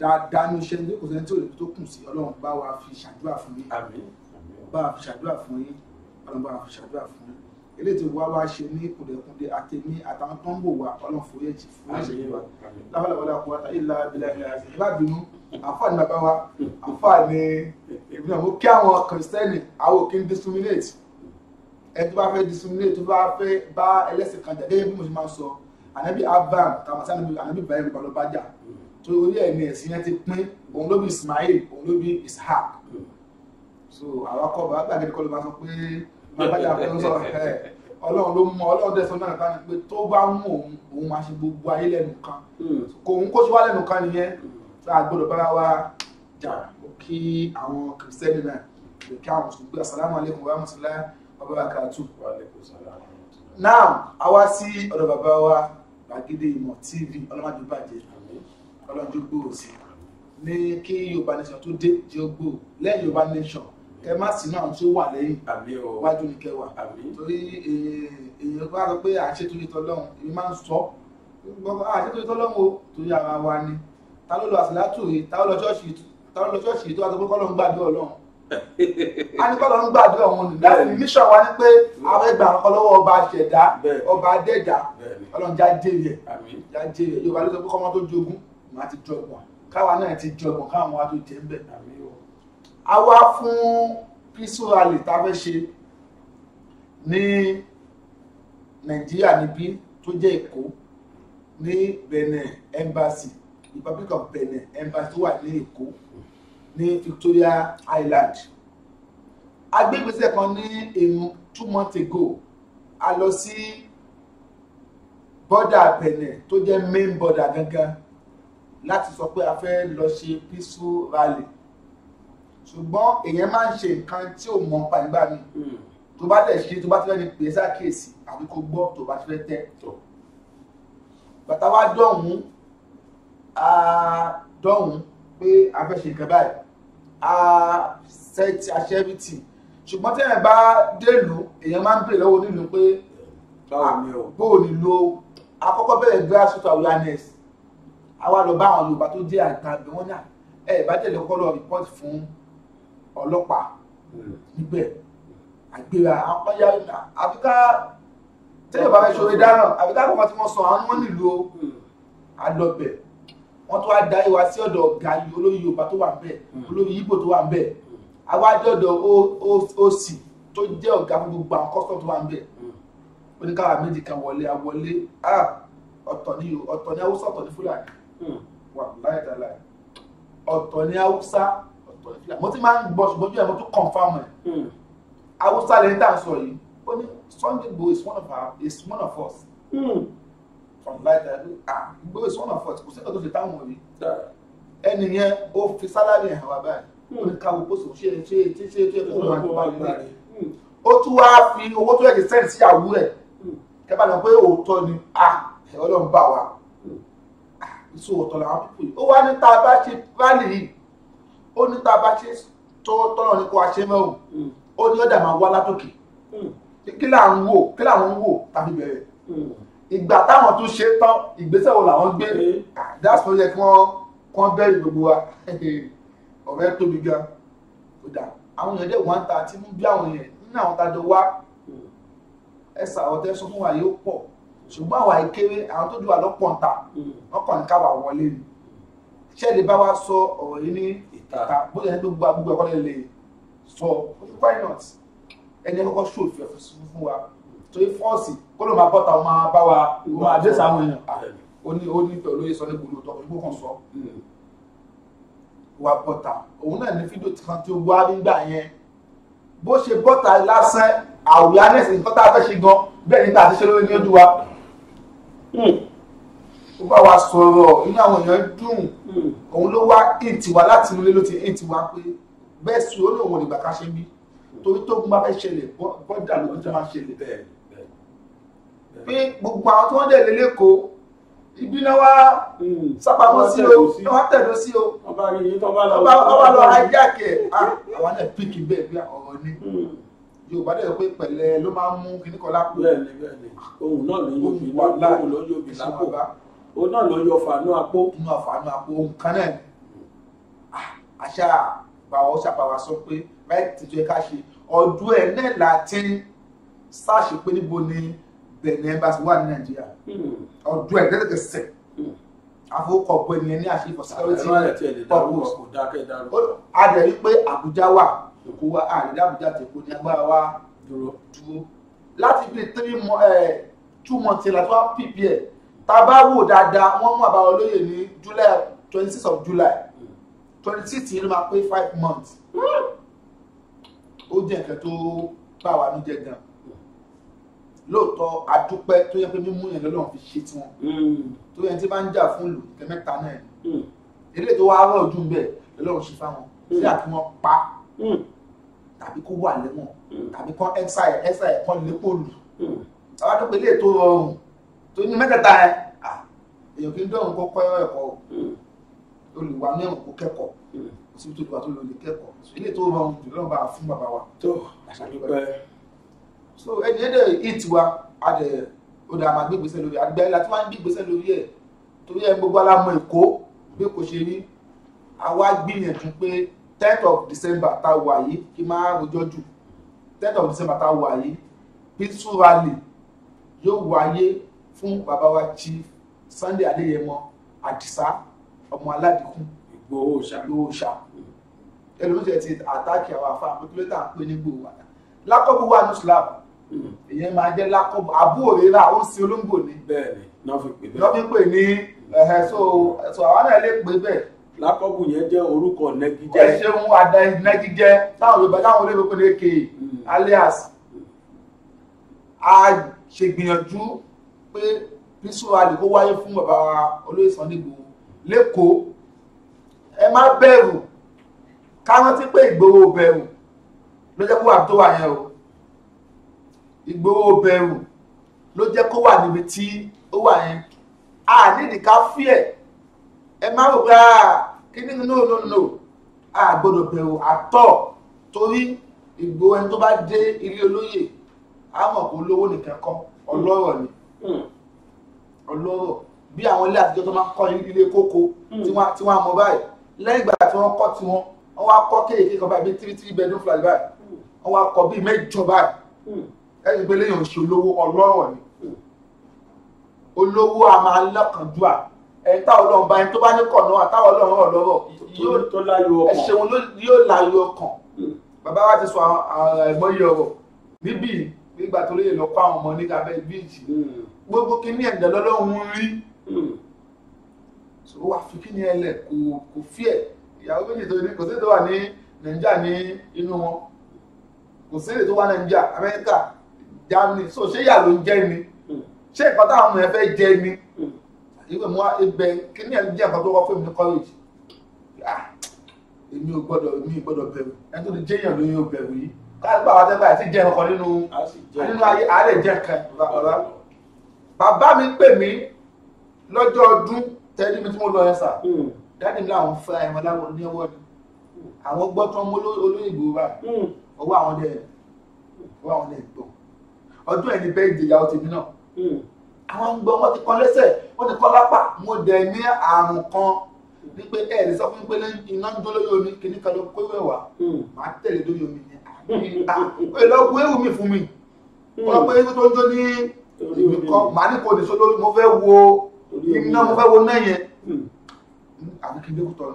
dáadáa ní iṣẹ́ ní kò sẹ́ni tí ò lè tó kùn sí ọlọ́run bá wa fi ṣàdúrà fún yín bá wa fi ṣàdúrà fún yín ọlọ́run bá wa fi ṣàdúrà fún yín eléyìí tó wá wá ṣe ní kùdẹ̀kùdẹ àtẹ̀mí àtàwọn tó ń bò wá ọlọ́run fòye jì fún yín lábàlàbàlà kó wá tá ìlà abilà ìlà ìbá bínú àfáà ní bàbá wa àfáà ní èmi náà mo kí àwọn kìrìsìtẹ́nì àwọn òkè ń discriminate ẹni tó bá fẹ́ discriminate tó bá fẹ́ bá ẹlẹ́sìn kan jà gẹ́gẹ́ bí mo ṣe máa ń sọ ànábì abraham tàmásá ànábì ibrahim balọ̀bájà tó orí ẹ̀ ní ẹ̀sìn yẹn ti pín òun ló bí ismail òun ló bí ishaq so àwọn akọ bàbá gbàgede kọ́ ló bá sọ pé balọ̀bájà fẹ́ ló sọ ẹ̀ ọlọ́run ló mọ ọlọ́run tẹ̀sí ọ̀nà ìbáni pé tó bá mú òun òun máa ṣe gbogbo ayé lẹ́nu kan hmm. kò òun kó ṣe wá lẹ́nu kan nìyẹn gbọ́dọ̀ bára wa jà kí àwọn kìrìsìtẹ́nì náà lè kí àwọn mùsùlùmí gbé assalamu alaikum wa rahmatullahi wa barakatuh. now àwa sí ọ̀dọ̀ bàbá wa gbàgede ìmọ̀ tv ọlọ́mọdé bàjẹ́ ọlọ́dún gbòòrò sí ní kí yorùbá nation tó dé jẹ́ gbòòrò lẹ́yìn yorùbá nation kẹ má sí náà tí ó wà lẹ́yìn wájú ní kẹwàá torí e, èèyàn bá sọ pé àṣetúnitọ́ lọ́hùn èmi máa ń sọ àṣetúnitọ́ lọ́hùn o torí ara wa ni ta ló lọ àsìlátù yìí ta ló lọ ṣọ́ọ̀ṣì ta ló lọ ṣọ́ọ̀ṣì tó wá sọ pé kọ́ ló ń gbàdúrà ọlọ́run a ní kọ́ ló ń gbàdúrà òun nì láti mission wa ni pé àwọn ẹgbẹ́ àwọn ọlọ́wọ́ ọba àjẹ̀dá ọba àdẹ́dá ọlọ́run já jẹ́yẹ já jẹ́yẹ yorùbá ló sọ pé kọ́mọ tó jogún màá ti jọgbọ̀n káwa náà ti jọgbọ̀n káwọn wa tó jẹ́ ń bẹ̀. àwa fún peaceful rally tá a fẹ́ ṣe ní nàìjíríà níbí tó jẹ́ èkó ní benin embassy Republic of Benin embassy wà ní Èkó ní Victoria Island agbègbèsè kan ní two months ago a lọ sí bọ́dà Benin tó jẹ́ main border gangan láti sọ pé a fẹ́ lọ ṣe peaceful rally ṣùgbọ́n èèyàn máa ń ṣe nǹkan tí ò mọ pàǹgbà mi tó bá tẹ̀ ṣe tó bá ti fẹ́ ní pèsè àkíyèsí àbí kó gbọ́ tó bá ti fẹ́ tẹ́ bàtà wá dọ̀hún a dọ̀hún pé a fẹ́ ṣe nǹkan báyìí a set aṣẹ́bìtì ṣùgbọ́n tí èèyàn bá délùú èèyàn máa ń bèrè lọ́wọ́ onílùú pé bóò ni lo àkọ́kọ́ bẹ̀rẹ̀ grassroots awareness àwa lọ bá àwọn Yorùbá tó jẹ́ àgbàgbé wọn náà ẹ bá tẹ̀lé kọ́ lọ report fún ọlọ́pàá níbẹ̀ àgbéra àwọn ya àfikà tẹ́lẹ̀ bá fẹ́ ṣòro dáràn àfikà kọ̀ọ̀kan tí wọ́n sọ àwọn wọn nílùú àlọ́bẹ̀ wọ́n tó wá darí wa sí ọ̀dọ̀ ọ̀gá olórí yorùbá tó wà bẹ́ẹ̀ hmm. olórí ibo tó wà bẹ́ẹ̀ àwa dọ̀dọ̀ oc tó jẹ́ ọ̀gá fún gbogbo àwọn kọ́sọ̀ tó wà bẹ́ẹ̀ oníkàwá hmm. méjì kan wọlé àwọlé ọ̀tọ̀ ní ọ̀tọ̀ ní haúsá ọ̀tọ̀ ní fúlàní wà láyé dáadáa ọ̀tọ̀ ní haúsá ọ̀tọ̀ ní fúlàní mo ti máa ń gbọ́ ṣùgbọ́n bí ẹ̀ mo tún kọ̀ǹfàmù ẹ̀ hmm. haúsá lẹ́yìn tá à sọ yìí ó ní Sunday Igboho is one of us from light ẹ̀ ah gbogbo ìsọ̀nà fọ̀tì kò sí nǹkan tó fi táwọn rí ẹni yẹn ó fi sálárì ẹ̀ wá báyìí ó ní káwọ́ pósò ṣe ṣe ṣe ṣe ṣe kó máa tó bá lè rẹ̀ ó tún wá fi owó tó yẹ kí sẹ́ǹtì sí àwú rẹ̀ náà pé òótọ́ ni ah ọlọ́run bá wa ìṣó òótọ́ làwọn pípé ó wá ní tá a bá ṣe báàlì yìí ó ní tá a bá ṣe tó tọ́nà ní kó a ṣe mẹ́wò ó ní ọ̀dà máa wá látòkè kí là ń wò kí là wò tàbí bẹ̀rẹ̀ ìgbà táwọn tún ṣe tán ìgbésẹ̀ wo làwọn gbé dáàsì yẹ kí wọ́n kí wọ́n bẹ́ẹ̀ gbogbo wa ọ̀rẹ́ tóbi gan kò dà àwọn èèyàn dẹ̀ wọ́n ta tí mú bí àwọn èèyàn nínú àwọn tajọ wá hmm. ẹ̀sà ọ̀tẹ́ sọ fún wa yóò pọ̀ ṣùgbọ́n àwa ìkéré àwọn tó dùn lọ́pọ̀ ń hmm. wọ́n kàn ká wa wọlé ni ṣẹ́ẹ̀lì bá wa sọ ọ̀rọ̀ yìí ní ìta bó ṣe ń tó gba gbogbo ẹ̀kọ́ lè sọ why not ẹni ẹ̀kọ́ ṣòfin fún wa torí fọ́ọ̀sì kó ló máa bọ́ta ọmọ bá wa ìwọ máa dé sáwọn èèyàn ah, ó ní ó ní pẹ̀lú ìsọ ní gbogbo tọ́ ìgbó kan sọ mm. wà bọ́ta òun náà ní fídíò kan tí ó wá nígbà yẹn bó ṣe bọ́ta lásán àwòrán anẹ́sì nǹkan tá a fẹ́ ṣe gan bẹ́ẹ̀ ni tá a ti ṣe lórí ní ojú wa mm. ó bá wa sọ̀rọ̀ inú àwọn èèyàn dùn mm. òun ló wá ìtì wa láti inú ilé ló ti ìtì wa pé bẹ́ẹ̀ sì ó lóun ò lè gbà ká ṣe bí torí tó bá fẹ́ ṣẹlẹ̀ bọ́dà ló ti máa ṣẹlẹ̀ bẹ́ẹ̀ bí gbogbo àwọn tí wọ́n dẹ̀ lé lẹ́kọ̀ọ́ ibi náà wá hmm. sápamọ́ sí o náà wá tẹ̀dọ́ sí o ọba lọ ajáke àwọn náà píkì bẹ́ẹ̀ bí ọ̀rọ̀ ni hmm. yorùbá dẹ̀ pé pẹ̀lẹ́ ló máa ń mú kíní kan lápò. bẹ́ẹ̀ni bẹ́ẹ̀ni ohun náà ló yóò fi lápò ló yóò fi lápò ohun náà ló yọ fàánú apó. inú àfàánú apó ohun kan náà ah, àṣà bàwọ̀ ṣàpàwà sọ pé báyìí tìjọ ká ṣe ọdún ẹ̀ náà láti ṣàṣepé níbo ni bẹ̀rẹ̀ ẹ̀ bá ti wà ní nàìjíríà ọdún ẹ̀ lẹ́tẹ̀kẹsẹ̀ hmm. àfọwọ́kọ̀ ọ̀pọ̀ ènìyàn ní àṣẹ ìfọ̀síkẹ́rẹ́tì purpose adẹ̀ pé àbújá wà èkó wà àrídà àbújá ti kó ní agbára wa dúró láti bí three eh, two months la tó wá ppa tá bá wò dáadáa wọ́n mú àbáwọ̀ lóye ní july twenty six of july hmm. twenty six yìí ló máa pé five months hmm. ó jẹ́ nǹkan tó bá wa ní jẹ́ gan-an lóòótọ́ adúpẹ́ tó yẹ pé mímú yẹn lọ́lọ́run fi ṣe tiwọn hmm. tó yẹ tí bá ń jà fún ìlú kẹ mẹ́ta náà hmm. eré tó wá rọ̀ ojú bẹ́ẹ̀ lọ́lọ́run ṣe fáwọn sí àti wọn pa hmm. tàbí kó wà lẹ́wọ̀n tàbí kán ẹ́sàyẹ̀ ẹ́sàyẹ̀ kán lé pòlù àwọn àdókòó ilé tó rọrùn tó ní mẹ́tẹ̀ẹ̀ta ẹ̀ èèyàn kì í dọ̀rùn kó kọ́ ẹ̀kọ́ olùwà ní ẹ̀wọ̀n kó kẹ́kọ̀ọ́ kò síbi tó lùwà tó lò lè kẹ́kọ̀ọ́ ilé tó rọrùn jùlọ bá fún bàbá wa. tó àṣà dúpẹ́ so ẹni ẹdẹ it wa adẹ ọdọ àmà gbégbèsè lórí àgbẹ ẹlà tí wọn gbégbèsè lórí ẹ torí ẹ gbogbo alamọ èkó bí kò ṣe rí àwa gbìyànjú pé tenth of december tá a wà yìí kí n máa rojọ́ jù tenth of december tá wà yìí peaceful rally yóò wáyé fún bàbá wa chief sunday adéyẹmọ àdìsá ọmọ aládìkún ìgbòho òòṣà ìgbòho òòṣà ẹlòmíjẹ ti àtàkì àwọn afáàmù kí ló tà ń pè ní gbòho wàdà lákọ̀ọ́bù wà ní islam ìyẹn máa jẹ́ lákòbò àbúrò rírà ó sin olóńgbò ni. bẹ́ẹ̀ni náà fi pè bẹ́ẹ̀ náà fi pè ní ẹhẹ so so àwọn náà lè pè bẹ́ẹ̀. lákòbò yẹn jẹ́ orúkọ nẹgijẹ. ẹ ṣeun àdá nẹgijẹ táwọn Yorùbá táwọn olóyìnbó pè ní èké hmm. alias a ṣègbìyànjú pé bísú àlè kó wáyé fún bàbá olóyè Sunday Igboho lẹ́kọ̀ọ́ ẹ má bẹ̀rù ká rántí pé Ìgbòho bẹ̀rù ló jẹ́ kó wà tó wà yẹn o. Ìgbòho bẹ̀rù ló jẹ́ kó wà níbi tí ó wà yẹn a nídìí ká fí ẹ̀ ẹ má rò pé ah, kí ni no no no a gbọ́dọ̀ bẹ̀rù àtọ̀ torí Ìgbòho ẹni tó bá dé ilé olóyè a mọ̀ kó lówó nìkan kọ́ ọlọ́rọ̀ ni hmm. ọlọ́rọ̀ bí àwọn ilé àtijọ́ tó máa ń kọ́ ilé kókó hmm. tí wọ́n á mọ báyìí lẹ́yìn ìgbà tí wọ́n kọ́ tiwọn wọ́n wá kọ́ kéèké kan báyìí bíi tírítírí bẹ́ẹ̀dún fúlàní báyìí hmm. wọ́n wá kọ́ bíi mẹ́jọ báyìí ẹni pé léèyàn ṣe olówó ọlọ́rọ̀ ni olówó a máa lọ́kàndúà ẹni táwọn ọlọ́run bá ẹni tó bá ní kọ̀ náà táwọn ọlọ́run ọlọ́rọ̀ ẹṣẹ̀wọn yóò láyọ̀ ọkàn bàbá wa ti sọ ẹ̀gbọ́n yìí ọ̀rọ̀ níbí nígbà tó lóye lọ kọ́ àwọn ọmọ nígbà bẹ́ẹ̀ bíìtì gbogbo kíní ẹ̀dẹ̀ lọ́lọ́run rí ó wà fi kíní ẹlẹ̀ kò fí ẹ̀ ìyàwó méjì tó ní kò sí tó wà ní nàìjíríà ní inú wọn kò sí èdè tó wà nàìjíríà amẹ́ríkà Germany so ṣé yà ló ń jẹ́ ni hmm. ṣé ìpàtà àwọn ọmọ yẹn fẹ́ jẹ́ ni hmm. ìwé mu ibẹ̀ kíní ẹ̀ jẹ́ nǹkan tó wọ́ fún mi ní college ah, èmi ò gbọ́dọ̀ èmi ò gbọ́dọ̀ bẹ̀rù ẹni tó ti jẹ́yàn ló yóò bẹ̀rù yìí káàgbà àwọn àtẹ́gbà àti jẹ́ nǹkan nínú nínú ayé àárẹ̀ jẹ́ kan bàbá bàbá mi pè mí lọ́jọ́ ọdún tẹ́lí mi tí mo lọ yẹn sà hmm. dáàdì mi làwọn fẹ́ ẹ̀mọ́ láwọn ní ọwọ́ ni àwọn gbọ́ tán mọ́ olóyìnbó bá ọwọ́ àwọn dẹ̀ ọwọ́ àwọn dẹ̀ gbọ́n ọdún ẹni bẹ́ẹ̀ di ìyàwó tèmi náà hmm. àwọn ń gbọ́ wọ́n ti kán lẹ́sẹ̀ wọ́n ti kán lápá mo dẹ̀ ní àrùn kan ní pé ẹ lè sọ fún mi pé iná ń dún lórí omi kìíní kan ló kó ìwé wá hmm. màá tẹ̀lé lórí omi ni àbí ìlọ́gùn ewu mi fún mi wọ́n hmm. pé tó ń jó ní ìlú kan màá ní kò ní sódó mo fẹ́ wo iná mo fẹ́ wo náà yẹn àbí kí n dékun tọ́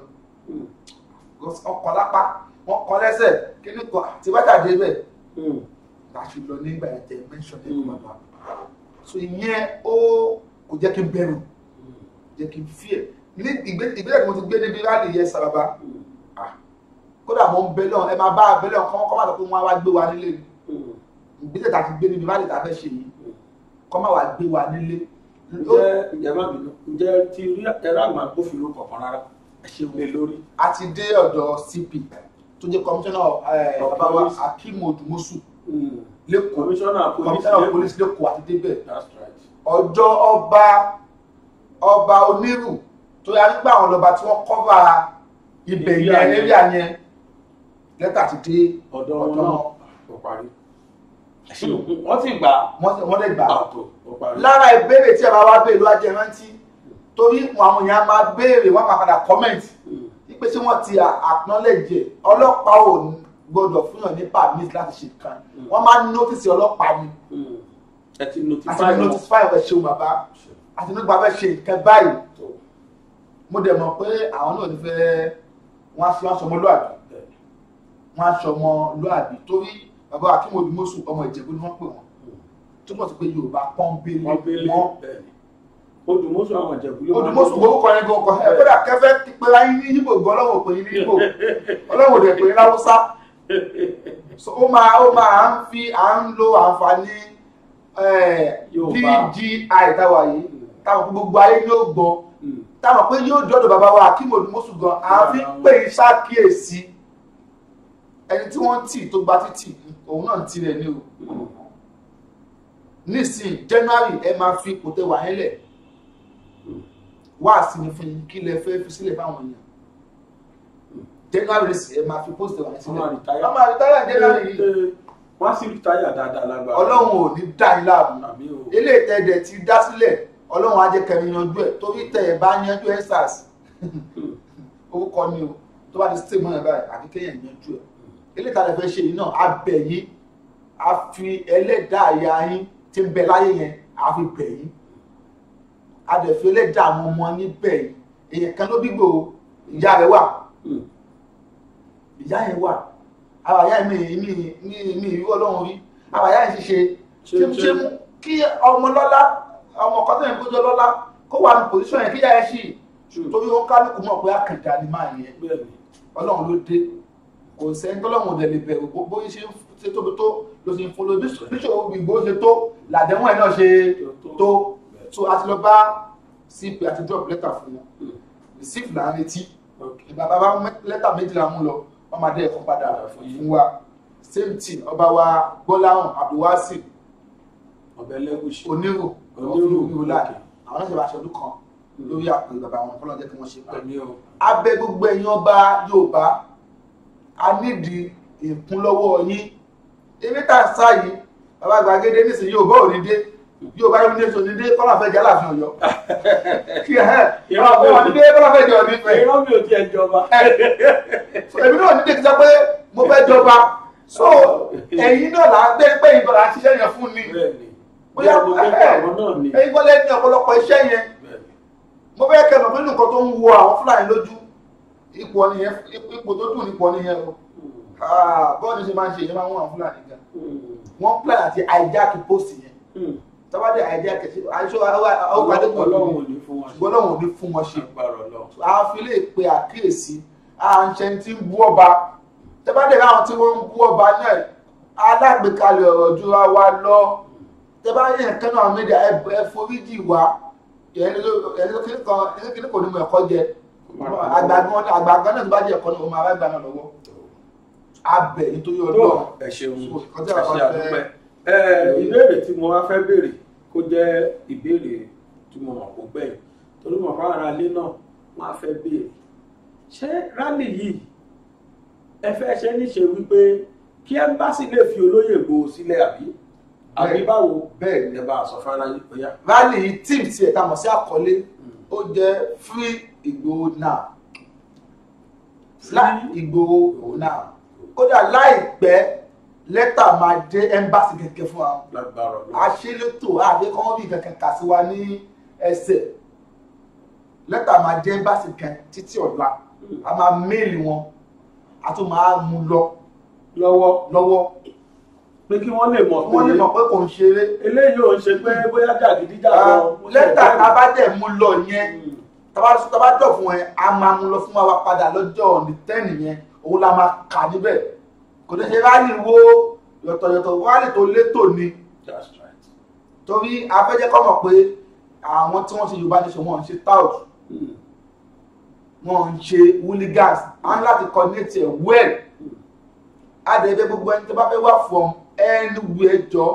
ni ọkọ̀ lápá wọ́n kọ́ lẹ́sẹ̀ kìíní kan àti bàtà débẹ̀ bá ṣe lọ nígbà ẹ̀jẹ̀ mẹ́ṣọ̀ ní ẹ̀kọ́ hmm. bàbá so ìyẹn ó kò jẹ́ kí n bẹ̀rù hmm. jẹ́ kí n fear ní ìgbésẹ̀ mo ti gbé níbi láti yẹ sàbàbà hmm. ah. kódà mo ń bẹ náà ẹ máa bá a bẹ náà kọ́ kọ́ máa tó kó wọn wá gbé wa nílé ni ìgbésẹ̀ tá a ti gbé níbi láti tá fẹ́ ṣe yìí kọ́ máa wá gbé wa nílé. ǹjẹ́ ìjàmbá mi ǹjẹ́ ti rí ẹ̀rọ àgbà gbófinró kọ̀ọ̀kan rárá ẹ ṣeun lé lórí. a ti dé ọ̀dọ̀ CP tó jẹ́ kọmíṣánná eh, bàbá wa Mm. lẹ́kọ̀ọ́ komisanna polisi lẹ́kọ̀ọ́ àti débẹ̀ ọjọ́ ọba ọba onírù tó yà nígbà àwọn ọlọ́ba tí wọ́n kọ́va ibẹ̀ yẹn ẹlẹ́yà yẹn lẹ́tà ti dé ọ̀dọ̀ wọn náà ó ti gbà wọ́n lè gbà lára ìbéèrè tí ẹ bá wá béèrè wá jẹ rántí torí àwọn èèyàn máa béèrè wọ́n máa padà kọ́mẹ̀ntì mm. wípé tí ti acknowledge ọlọ́pàá ò ní gbọ́dọ̀ fún yàn ní permit láti ṣe nǹkan wọ́n máa ń notice ọlọ́pàá ni àti notify ẹ ṣeun bàbá àti nípa fẹ́ ṣe nǹkan báyìí mo dẹ̀ mọ̀ pé àwọn náà ní fẹ́ wọ́n á fi wọ́n sọmọ lóàbí wọ́n á sọmọ lóàbí torí bàbá akínwòdì mọ́sù ọmọ ìjẹ̀bú ni wọ́n pè wọ́n túbọ̀ sí pé yorùbá pọ́ńbélé wọ́n odùmọ́sù àwọn ìjẹ̀bú ló máa ń odùmọ́sù gbogbo kọrin gbogbo ẹ̀ kódà kẹfẹ́ pé láyé ní yíbò gan ọlọ́wọ̀ pé ní yíbò ọlọ́wọ̀ dẹ̀ pé ní láwùsá ó máa ó máa ń fi à ń lo àǹfààní ddi eh, táwa yìí táwọn gbogbo ayé yóò gbọ́ hmm. táwọn pé yóò dọ́dọ̀ bàbá wa akíwò olùmọ́sùn gan àfi pé ṣàkíyèsí ẹni tí wọ́n tì tó gba títì òun náà ti rẹ̀ ni o hmm. nísìnyí january ẹ máa fi kòtẹ́ wà hẹ́lẹ̀ hmm. wá sí ni fún yín kí lẹ fẹ́ fi sílẹ̀ fáwọn èèyàn january ẹ máa fi post wà sílẹ̀ wọ́n máa retire ní january yìí wọ́n á sì retire dáadáa lágbára ọlọ́run ò ní dá yín láàmú ilé ìtẹ̀dẹ̀ ti dá sílẹ̀ ọlọ́run á jẹ́ kẹrin yanjú ẹ̀ torí tẹ̀ ẹ̀ bá yanjú ẹ̀ sars orúkọ ni o tó bá ti ṣe mọ́ ẹ̀ báyìí àti kéèyàn yanjú ẹ̀ ilé ìtàlẹ̀ fẹ́ ṣe yìí náà á bẹ̀ yín a fi ẹlẹ́dàá ìyá yín ti ń bẹ láyé yẹn a fi bẹ̀ yín á dẹ̀ fi ẹlẹ́dàá àwọn ọmọ yín bẹ̀ yín èèyàn kan ló bí gbòó ìyá rẹ̀ wà hmm ìyá yẹn wà àwọn ìyá mi mi mi mi ìlú ọlọ́run rí àwọn ìyá yẹn ti ṣe ṣémúṣémú kí ọmọ lọ́lá ọmọ kọ́tọ́ yẹn kójọ lọ́lá kó wà ní pòsíṣọ̀n yẹn kí ìyá yẹn ṣì torí ó kálukú mọ̀ pé àkàndá ni máa yẹn ọlọ́run ló dé kò sẹ́ni tọ́lọ́run ọ̀dẹ̀ lè bẹ̀rù bó ń ṣe ṣe tóbi tó ló ṣe ń folo bíṣọ̀ ìgbó ṣe tó làdẹ́wọ̀n ẹ̀ náà ṣe tó so a ti lọ bá cp àti drop lẹ́tà fún wọn receive hmm. là ń retí bàbá lẹ́tà méjìlá mú lọ ọmọdé ẹ̀kọ́ padà fún wa same thing ọba wa gbọ́láhùn abdulwasi ọ̀bẹ̀lẹ́gùsì onírò onírò onírò àwọn náà ṣe bá aṣọ ọdún kan lórí àpò bàbá wọn fọlọ́n jẹ́ kí wọ́n ṣe pẹ́ abẹ gbogbo ẹ̀yin ọba Yorùbá a nídìí ìkúnlọ́wọ́ yín èmi tà sáyé bàbá gbàgede nísìnyí Yorùbá ò ní dé yóò bá yóò ní èso ní dé kọ́lá fẹ́ jẹ́ aláàfin ọ̀yọ́ kí ẹ ìrọ̀ mi ò dé kọ́lá fẹ́ jẹ́ ọ̀dí pẹ́. ìrọ̀ mi ò tiẹ̀ jọba. èmi náà ní dèkìtà pé mo fẹ́ jọba so ẹ̀yin náà là ń gbé pé ìbọn àti iṣẹ́ yẹn fún mi. bóyá eh, ẹ̀yin wọlé ní ọ̀pọ̀lọpọ̀ iṣẹ́ yẹn mo fẹ́ kẹ́ mọ̀ nínú nǹkan tó ń wo àwọn Fúlàní lójú ipò nìyẹn ipò tó dùn ipò nìyẹn o hmm. ah, bọ́ọ̀lù ṣe máa ń ṣe ìyẹn máa ń wọ́n àwọn Fúlàní gan hmm. wọ́n plan àti hijack post yẹn. Hmm tọ́wádé àìjẹ́ kẹsí àìsọ ọ̀pàdé pẹ̀lú ọlọ́run ò ní fún wọn ṣe àfilẹ̀ pé àkíyèsí àǹṣẹ́ tí ń bú ọba tọ́wádé àwọn tí wọ́n ń bú ọba náà alágbèékalẹ̀ ọ̀rọ̀ ju wa lọ tọ́wádé kẹ́nu àwọn méjì ẹ̀fọ́ríjì wa ẹ̀ẹ́dẹ́gbẹ̀rún kò ní mọ ẹ̀kọ́ jẹ àgbàgbọ́n náà tó bá jẹ ẹ̀kọ́ náà ó máa rẹ́gbà náà lọ́wọ́ abẹ nítorí ọlọ́run ẹ ṣeun ẹ ṣe àdúpẹ́ ìbéèrè tí mo wá fẹ́ béèrè kó jẹ́ ìbéèrè tí mo mọ̀ kó gbẹ̀yìn torí mo fà ara ilé náà wọ́n á fẹ́ béèrè ṣé rálì yìí ẹ fẹ́ ṣe níṣe wípé kí ẹ́mbásì lè fi olóyè Ìgbòho sílẹ̀ àbí àbí báwo bẹ́ẹ̀ ni ẹ bá sọ fún aráyé bóyá. rálì yìí tíìmù tiẹ̀ tá a mọ̀ sí àkọlé hmm. ó jẹ́ free Ìgbòho now láì Ìgbòho now kódà láìpẹ́ lẹ́tà máa jẹ́ ẹ́mbáàsì kẹ̀kẹ́ fún wa àṣelétò àbíkọ́ bí kankan kà sí wa ní ẹsẹ̀ lẹ́tà máa jẹ́ ẹ́mbáàsì kan títí ọ̀la a máa méèlì wọn a tún máa mú lọ lọ́wọ́ lọ́wọ́ pé kí wọ́n lè mọ̀ pé wọ́n lè mọ̀ pé kò ń ṣeré eléyìí ò ń ṣe pé bóyá jàgídíjà ah, lọ. lẹ́tà tá a bá dẹ̀ mú lọ yẹn hmm. tá a bá fún ẹ a máa mú lọ fún wa padà lọ́jọ́ ọ̀nì tẹ́ẹ̀nì yẹn òun la máa kà níbẹ̀ kò tó ṣe rálì wo yọ̀tọ̀yọ̀tọ̀ rálì tó létò ni torí afẹ́jẹ́ kọ́ mọ̀ pé àwọn tí wọ́n ṣe Yorùbá nation wọ́n ń ṣe tout hmm. wọ́n ń ṣe hooligans a ń láti connect ẹ̀ well adẹ̀ẹ́dẹ́ gbogbo ẹni tó bá fẹ́ wá from anywhere jọ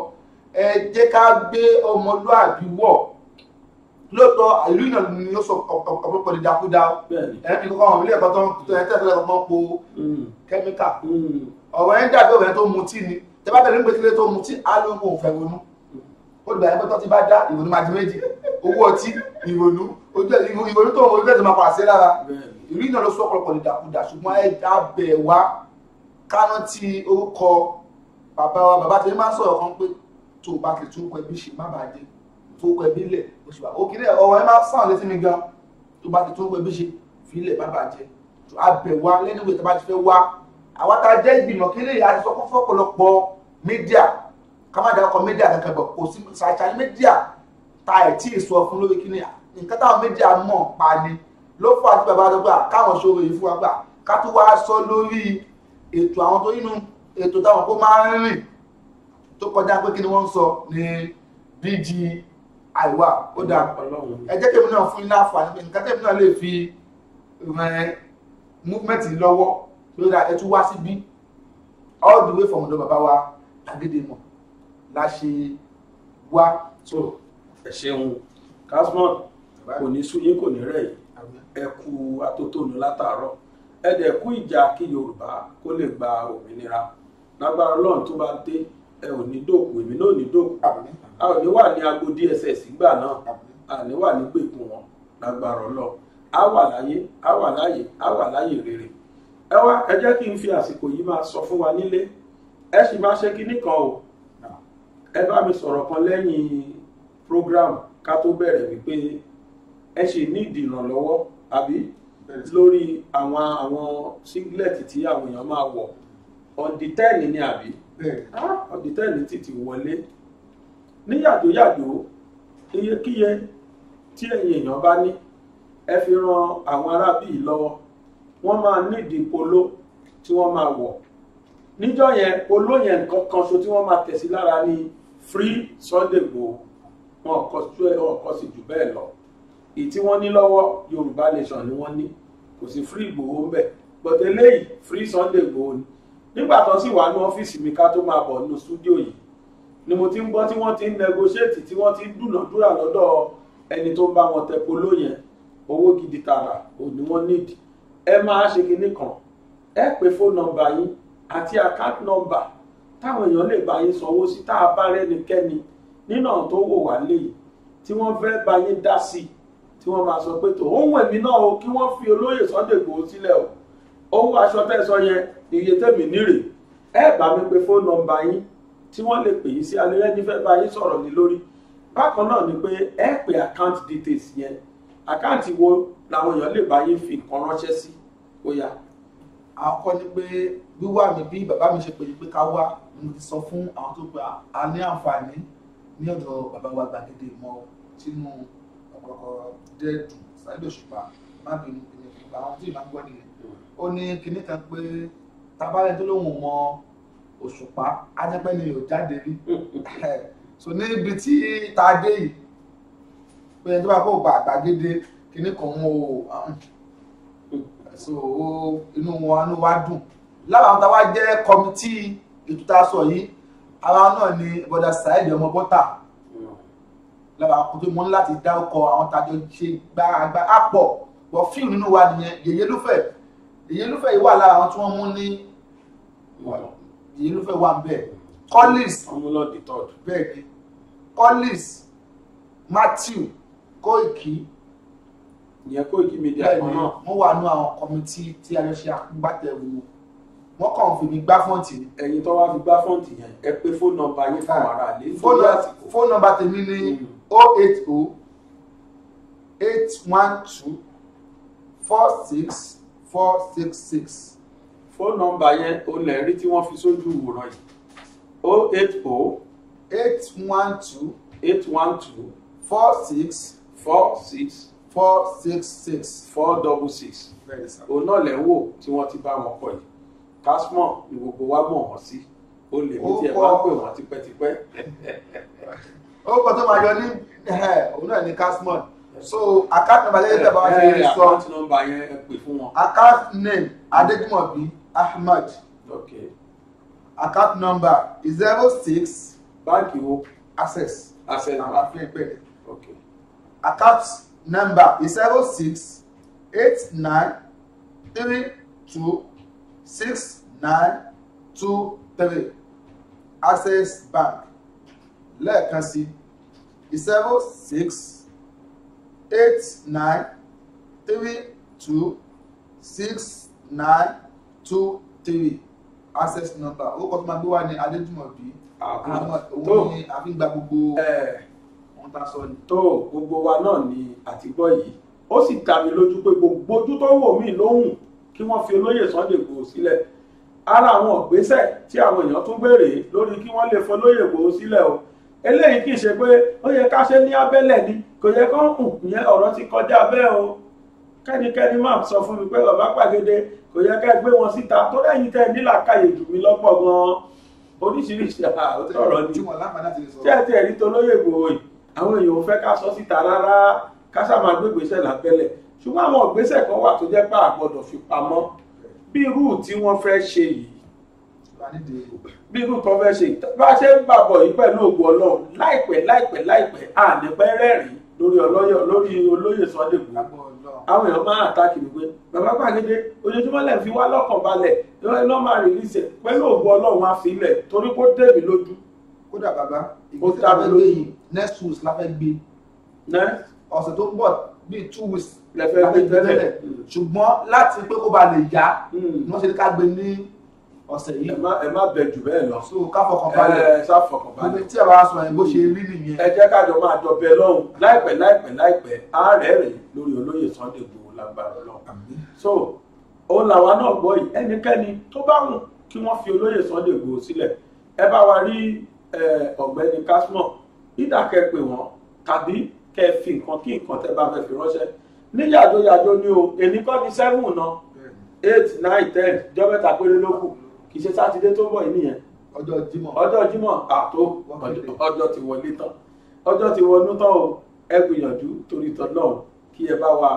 ẹ jẹ́ ká gbé ọmọlúàbí wọ̀ lóòótọ́ àìlú ìnà ni ó sọ ọ̀pọ̀lọpọ̀ ní dákúdá ẹ̀ẹ́dì kọ́kọ́ àwọn ilé ẹ̀kọ́ tó ń tẹ̀lé ọ̀pọ̀ kẹ́míkà ọ̀rọ̀ yẹn dàbí ọ̀rọ̀ yẹn tó mutí ni tẹ bá bẹ̀rẹ̀ ń gbèsè tó mutí alóhùn òfẹ́ ronú olùgbà yẹn pẹ́tọ́ ti bá dá ìrònú máa di méjì owó ọtí ìrònú ìrònú tó wọn olùdẹ́sẹ̀ máa pàṣẹ lára ìrí náà ló sọ ọ̀pọ̀lọpọ̀ nídàkudà ṣùgbọ́n ẹ dábẹ̀ wá káná tí orúkọ bàbá wa bàbá tẹ̀lé máa ń sọ̀rọ̀ kan pé tó o bá kì í tún kọ ẹbí ṣe má bàa dé tó o kọ ẹbí lẹ̀ oṣù bá òkè dẹ̀ ọ̀rọ̀ ẹ máa sàn létí mi gan tó o bá kì í tún kọ ẹbí ṣe fi lẹ̀ má bàa jẹ́ àbẹ̀wá lẹ́nu ìwé tó bá ti fẹ́ wá àwọn tá a jẹ́ ìgbìmọ̀ kí lèyà àti sọ́kún fọ́pọ̀lọpọ̀ mídíà ká má dákọ̀ mídíà kankan bọ̀ kò sí ṣàṣà mídíà ta ẹ̀ tí ì sọ fún lórí kí ni nǹkan táwọn mídíà mọ̀ pa ni ló fún àti bàbá àdọ́gbà káwọn ṣòro yìí fún wa gbà ká tún wá sọ lórí ètò àwọn tó nínú ètò táwọn kó máa ń rìn tó kọjá pé kí ni wọ́n ń sọ ní BGI àìwá ó dáa ẹ jẹ́ kí èmi náà fún iná àǹfààní pé nǹkan tẹ̀mí gbéra ẹ tún wá síbí all the way from ọ̀dọ̀ bàbá wa Lágédémọ̀ la ṣe wá. so ẹ ṣeun Kasmon kò ní súyé kò ní rẹ̀ yìí ẹ kú atótónu látàárọ̀ ẹ dẹ̀ kú ìjà kí Yorùbá kó lè gba òmìnira lágbára Ọlọ́run tó bá dé ẹ ò ní dòkú èmi náà ò ní dòkú a ò ní wà ní agbo DSS gbà náà a ò ní wà ní gbèkùn wọn lágbára Ọlọ́run a wà láyé a wà láyé a wà láyé rere ẹ wá ẹ jẹ́ kí n fi àsìkò yìí máa sọ fún wa nílé ẹ sì máa ṣe kinní kan o ẹ bá mi sọ̀rọ̀ kan lẹ́yìn program ká tó bẹ̀rẹ̀ wípé ẹ sì ní ìdìrànlọ́wọ́ àbí lórí àwọn àwọn singlet tí àwọn èèyàn máa wọ̀ ọ̀dì tẹ́ẹ̀nì ni àbí ọ̀dì tẹ́ẹ̀nì ah, ti ti wọlé ní yàjóyàjó iyekíye tí ẹ̀yin èèyàn bá ní ẹ fi ran àwọn arábì lọ́wọ́ wọ́n máa nídìí polo tí wọ́n máa wọ̀ níjọ́ yẹn polo yẹn nǹkan kan so tí wọ́n máa tẹ̀sí lára ní free Sunday Igboho wọn kò sí wọn kò sí jù bẹ́ẹ̀ lọ èyí tí wọ́n ní lọ́wọ́ Yorùbá nation ni wọ́n ní kò sí free Igboho ń bẹ̀ but eléyìí free Sunday Igboho ni nígbà tó sì wà ní ọ́fíìsì mi ká tó máa bọ̀ nínú stúdíò yìí ni mo ti ń gbọ́ tí wọ́n ti ń negotiate tí wọ́n ti ń dúnàdúrà lọ́dọ̀ ẹni tó ń bá wọn tẹ polo yẹn owó gidi tààrà òní wọ́n nídìí ẹ máa ṣe kinní kan ẹ pè fóònù nọ́mbà yín àti àkáǹtì nọ́mbà táwọn èèyàn lè bá yín sanwó sí tá a bá rẹ́nikẹ́ni nínà tó wò wá léyìí tí wọ́n fẹ́ bá yín dá sí i tí wọ́n máa sọ pé tó òun èmi náà o kí wọ́n fi olóyè Sunday Igboho sílẹ̀ o owó aṣọ tẹ́ sọ yẹn iye tèmi nírè ẹ bá mi pè fóònù nọ́mbà yín tí wọ́n lè pè yín sí alẹ́ ní fẹ́ bá yín sọ̀rọ̀ ní lórí bákan náà ni pé ẹ pè account details yẹn account wo làwọn èèyàn lè báyé fi nǹkan ránṣẹ́ sí ó yá. àkọ́ ni pé wíwá mi bí bàbá mi ṣe pè mí pé ká wá mo ti sọ fún àwọn tó gba a ní àǹfààní ní ọ̀dọ̀ bàbá wa gbàgede ìmọ̀ sínú ọ̀pọ̀lọpọ̀ dẹ́ẹ̀dù Saheed Òṣùpá má bínú ìpínlẹ̀ ìpínlẹ̀ àwọn tí ìmọ̀ ń gbọ́ nìyẹn ó ní kinní kan pé tabalẹ̀ tó lóun mọ Òṣùpá ajẹ́pẹ́ ni yóò jáde rí so níbi tí ta dé yìí pé ẹni tó bá kó gbàgbàgede kíní kan wọn ò ah, so inú wọn inú wa dùn lára àwọn táwa jẹ́ kọ́mítì ètò tá a sọ yìí ara náà ni bọ́dà Saheed ọmọ bọ́tà lára àwọn tó mú láti dárúkọ àwọn tájọ ṣe gbáragbá àpọ̀ wọ́n fíìmù nínú wa nìyẹn yèyé lúfẹ̀ yèyé lúfẹ̀ yìí wà lára àwọn tí wọ́n mú ní yèyé lúfẹ̀ wà ń bẹ̀ Collins Collins Matthew Koiki ìyẹn Koiki Media kan náà. mo wà nú àwọn kọmitì tí a lọ ṣe agbátẹrù wọn wọn kàn fi mi gbá fọ́ǹtì ni. ẹ̀yin tó wá fi gbá fọ́ǹtì yẹn ẹ pé fóònù nọ́mbà yín fún àwọn ará ilé. fóònù nọ́mbà tèmi ni o eight o eight one two four six four six six. fóònù nọ́mbà yẹn o lè rí tí wọ́n fi sójú ìwòran yìí o eight o eight one two eight one two four six four six four six six four double six òun náà lẹ́ wò tí wọ́n ti bá wọn kọ yìí tasmọ̀ ni gbogbo wa mọ̀ wọ́n sí o lè ní tí ẹ bá pè wọ́n tipẹ́tipẹ́. ó kọ́ tó máa yọ ní òun náà ní tasmọ̀ so account number lẹ́yìn tẹ̀ bá wá sí sọ account number yẹn ẹ pè fún wọn. account name adéjúmọ̀bí ahmed okay. account number zero six báńkì wo access access náà àfihàn ìpẹ́ẹ́lẹ̀ account number is zero six eight nine three two six nine two three access bank lẹ́ẹ̀kan sí zero six eight nine three two six nine two three access number orúkọ tó máa gbé wá ní adéjúmọ̀bí ah, òun ni àfi ń gba gbogbo. Eh tá ta sọ ni. tó gbogbo wa náà ni àtìgbọ́ yìí ó sì dá mi lójú pé gbogbo ojú tó wò mí lóhùn kí wọ́n fi olóyè Sunday Igboho sílẹ̀ ara àwọn ògbésẹ̀ tí àwọn èèyàn tún béèrè lórí kí wọ́n lè fọlóyè Igboho sílẹ̀ o eléyìí kì í ṣe pé ó yẹ ká ṣe ní abẹ́lẹ̀ ni kò yẹ kó hùn ìyẹn ọ̀rọ̀ ti kọjá bẹ́ẹ̀ o kẹ́nikẹ́ni máa sọ fún mi pé bàbá pàgede kò yẹ ká gbé wọn síta tó lẹ́yìn tẹ́ nílàkàyè jù mí lọ́pọ̀ gan-an oríṣiríṣi ọ̀rọ̀ ni tí ẹ ti ẹ̀rí tó lóyè Igboho yìí àwọn èèyàn ò fẹ́ ká sọ síta rárá ká sábà gbé ìgbésẹ̀ lábẹ́lẹ̀ ṣùgbọ́n àwọn ìgbésẹ̀ kan wà tó jẹ́ pé a gbọ́dọ̀ fi pamọ́ bí irú tí wọ́n fẹ́ ṣe yìí bí irú tó fẹ́ ṣe bá ṣe ń bàbọ̀ yìí pẹ̀lú ògo ọlọ́run láìpẹ́ láìpẹ́ láìpẹ́ ànípẹ́ rẹ́rìn lórí ọlọ́yọ̀ lórí olóyè Sunday Igboho àwọn èèyàn máa àtàkì wípé bàbá Gbàgede ojoojúmọ́ lẹ́ẹ̀ fi wá lọ́kàn balẹ̀ lọ́ọ́ máa rìlíṣẹ̀ pẹ̀lú ògo ọlọ́run á fi ilẹ̀ torí kó dèbí lójú kódà bàbá ìgbé tí a fẹ́ lóye next week la fẹ́ gbé ọ̀sẹ̀ tó ń bọ̀ bíi two weeks la fẹ́ gbé tẹ́lẹ̀ hmm. ṣùgbọ́n láti pé kó ba lè yá hmm. ni wọ́n ṣe ká gbé ní ọ̀sẹ̀ yìí. ẹ má bẹ jù bẹ́ẹ̀ lọ. so ká fọkàn balẹ̀ ẹ ṣá fọkàn balẹ̀. tí a bá sọ ẹ bó ṣe rí nìyẹn. ẹ jẹ́ ká jọ máa dọ̀bẹ lọ́hùn láìpẹ́ láìpẹ́ láìpẹ́ ààrẹ rẹ̀ lórí olóyè Sunday Igboho lágbára lọ. so òun làwa náà gbọ́ yìí ẹnikẹ́ni tó bá wù kí wọ́n fi olóyè Sunday Igboho sílẹ̀ ẹ bá wa rí ọ̀gbẹ́ni Cashmore ìdá kẹ́ pè wọ́n tàbí kẹ́ fi nǹkan kí nǹkan tẹ́ bá fẹ́ fi ránṣẹ́ ní yàjóyàjó ni o èmi kọ́ ni seven náà eight nine ten jọ́ mẹ́ta péré ló kù kì í ṣe sátidé tó ń bọ̀ yìí nìyẹn ọjọ́ Jímọ̀ ọjọ́ Jímọ̀ àtó ọjọ́ ti wọlé tán ọjọ́ ti wọnú tán o ẹ gbìyànjú torí tán náà kí ẹ bá wa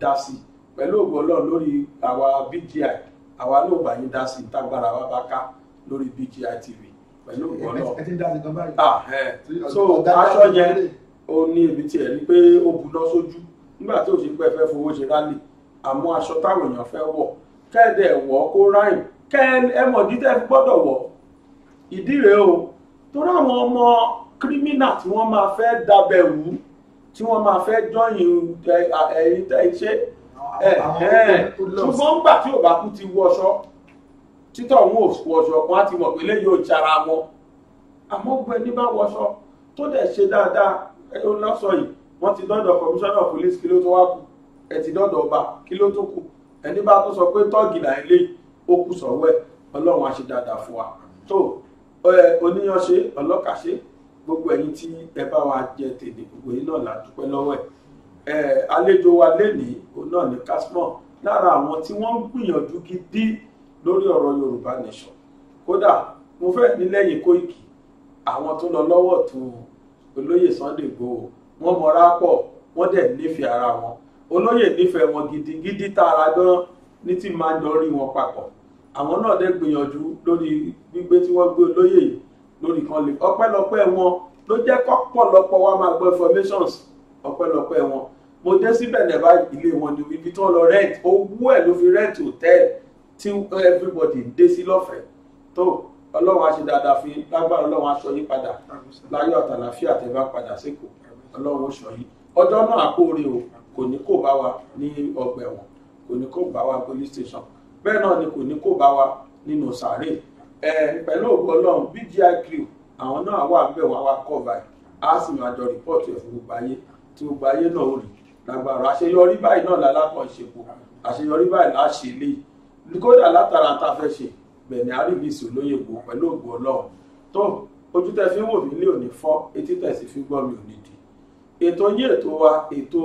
dá sí pẹ̀lú ògbó ọlọ́run lórí àwa BGI àwa ló bá yín dá sí tágbára wa bá ká lórí BGI TV pẹ̀lú ọ̀nà ẹ ti ń dá sí gan báyìí. Ah, eh. so aṣọ yẹn ó ní ibi tiẹ̀ ni pé ó buná sójú nígbà tí òṣèlú pẹ́ fẹ́ fowó ṣe rálì àmọ́ aṣọ táwọn èèyàn fẹ́ wọ̀ kẹ́ẹ̀dẹ̀ wọ̀ kó ráìn kẹ́ẹ̀ ẹ mọ̀ dídẹ́ gbọ́dọ̀ wọ̀ ìdí rèé o torí àwọn ọmọ kírímínà tí wọ́n máa fẹ́ dabẹ̀ wú tí wọ́n máa fẹ́ jọyìn ẹ̀yìn tẹ̀ ṣe eh, eh. ṣùgbọ́n nígbà tí ò bá kú ti wọṣọ títọ̀ òun ò wọ̀ṣọ̀ kan á ti mọ̀ pé léyìí ò ṣara wọn àmọ́ gbẹ ní bá wọṣọ tó dẹ̀ ṣe dáadáa ó lọ́sọ̀ yìí wọ́n ti dọ́dọ̀ kọmíṣánná police kí ló tó wá kù ẹ̀ ti dọ́dọ̀ ọba kí ló tó kù ẹni bá tó sọ pé tọ́ọ̀gì là ilé ó kù sọ̀wọ́ ẹ̀ ọlọ́run á ṣe dáadáa fún wa tó oníyanṣe ọlọ́kàṣe gbogbo ẹ̀yin tí ẹ bá wa jẹ tèdè gbogbo yìí náà là dúpẹ́ lọ́wọ́ ẹ̀ àlejò wa lénìí òun náà ní kásmọ̀ lára àwọn tí wọ́n ń gbìyànjú gidi lórí ọ̀rọ̀ Yorùbá nation kódà mo fẹ́ ní lẹ́yìn Kóìkì àwọn tó lọ lọ́wọ́ tó olóyè Sunday Igboho wọ́n mọra pọ̀ wọ́n dẹ̀ nífẹ̀ẹ́ ara wọn olóyè nífẹ̀ẹ́ wọn gidigidi tààrà gan ní tí máa ń jọ rí wọn papọ̀ àwọn náà dẹ̀ gbìyànjú lórí gbígbé tí wọ́n gbé olóyè lórí kan lè ọpẹ́lọpẹ́ wọn ló jẹ́ kọ́pọ̀lọpọ̀ wa máa gbọ́ informations ọpẹ́lọpẹ́ wọn mo dé síbẹ̀ nẹ́bà ilé wọn ni ibi tí wọ́n lọ rent owó ẹ̀ ló fi rent hòtẹ́ẹ̀lì tí everybody dé sí lọ́fẹ̀ẹ́ tó ọlọ́run á ṣe dáadáa fi lágbára ọlọ́run á sọ yín padà láyọ̀ àtàlàfíà tẹ́ bá padà sékòó ọlọ́run ó sọ yín ọjọ́ náà àkóore o kò ní kó bá wa ní ọgbà ẹ̀wọ̀n kò ní kó bá wa police station bẹ́ẹ̀ náà ni kò ní kó bá wa nínú sàárè ẹ pẹ̀lú ògbó ọlọ́run BGI crew àwọn náà wà bẹ́ẹ̀ wá wá kọ́ báyìí á sì máa jọ rìpọ́ọ̀tù ẹ̀ fún gbogbo ayé tí gbogbo ayé náà ó rí lágbára àṣeyọrí báyìí náà lálápọ̀ ìṣèpò àṣeyọrí báyìí láṣẹ eléyìí kódà látara tá a fẹ́ ṣe bẹ̀ẹ̀ni àríbísì olóyè gbò pẹ̀lú ògbó ọlọ́run tó ojú tẹ fi ń wò mí lé òní fọ́ etí tẹ̀ sí fi gbọ́ mi òní di ètò yí ètò wa ètò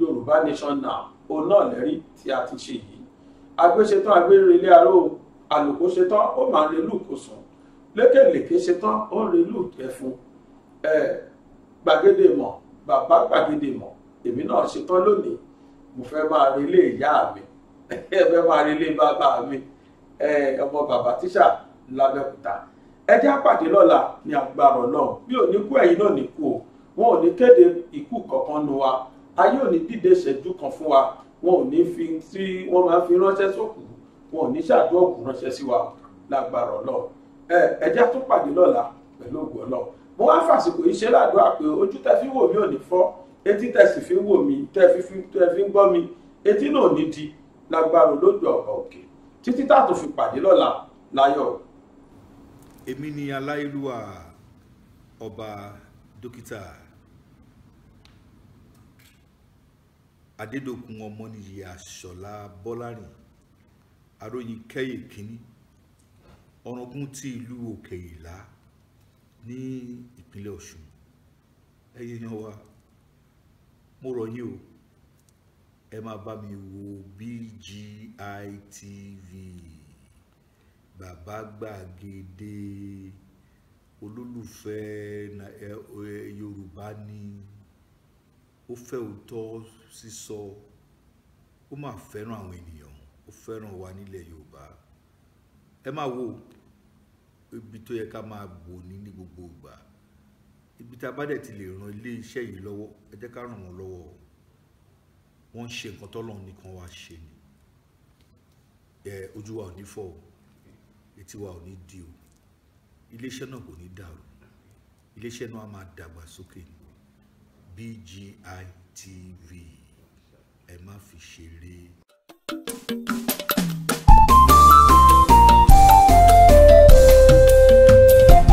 Yorùbá Nation Now òun náà lẹ́rí tí a ti ṣe yìí agbéṣetán agbérelé aró àlùkò ṣetán ó máa ń relú kò sùn lékèlèké ṣetán ó ń relú ẹfun ẹ gbàgede mọ̀ bàbá gbàgede mọ̀ èmi náà ṣetán lónìí mo fẹ́ máa relé ìyá mi ẹ fẹ́ máa relé bàbá mi ọmọ bàbá tíṣà lábẹ́òkúta ẹ jẹ́ àpàdé lọ́la ní agbára ọlọ́run bí ò ní kú ẹ̀yin náà ní kú o wọn ò ní kéde ikú kankan nu wa ayé ò ní dìde ìṣẹ́jú kan fún wa wọn ò ní fi tí wọ́n máa fi ránṣẹ́ sókù wọn ò ní ṣàdúrà òkú ránṣẹ́ sí wa lágbára ọlọ́run ẹ ẹ jẹ́ tún pàdé lọ́la pẹ̀lú ògùn ọlọ́run mo wá fàsìkò yìí ṣe ládùúrà pé ojú tẹ́ fi wò mí ò ní fọ́ etí tẹ́ sì fi wò mí tẹ́ fi ń gbọ́ mi etí náà ò ní di lágbára olódò ọ̀pá òkè títí tá a tó fi pàdé lọ́la láyọ̀. èmi ni aláìlúwà ọba dókítà adédọ̀kun ọmọnìyí àṣọlá bọ́lárìn aróyin kẹ́yè kínní ọ̀ràngún ti ìlú òkè ìlá ní ìpínlẹ̀ ọ̀ṣun ẹ̀yẹ̀yàn wa mo rọ̀ yín o ẹ máa bá mi wo BGI TV bàbá gbàgede olólùfẹ́ yorùbá ni ó fẹ́ òótọ́ sísọ ó máa fẹ́ràn àwọn ènìyàn ó fẹ́ràn wa nílẹ̀ yorùbá ẹ máa wo ibi tó yẹ ká máa bò ní ní gbogbo ìgbà ibi tá a bá dẹ̀ ti lè ran ilé iṣẹ́ yìí lọ́wọ́ ẹ jẹ́ ká ràn wọ́n lọ́wọ́ o wọ́n ń ṣe nǹkan tọ́lọ́run nìkan wá ṣe ni ojú wa ò ní fọ́ o etí wa ò ní di o iléeṣẹ́ náà kò ní dàrú iléeṣẹ́ náà a máa dàgbà sókè ni BGI TV ẹ má fi ṣeré.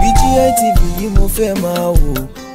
BGI TV yìí mo fẹ́ máa wò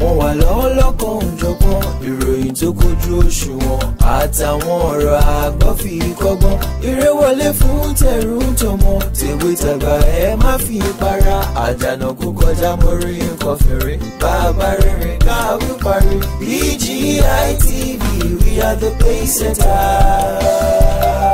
wọ́n wà lọ́wọ́ lọ́kọ̀ òjọ̀gbọ́n ìròyìn tó kojú òṣùwọ̀n àtàwọn ọ̀rọ̀ àgbọ́ fi kọ́gbọ́n eré wọlé fún tẹ̀rù tọmọ tèwe tàgbà ẹ má fi para àdànà kó kọjá mọ́rí nǹkan fèrè bàbá rere káwí parí BGI TV we are the pace setter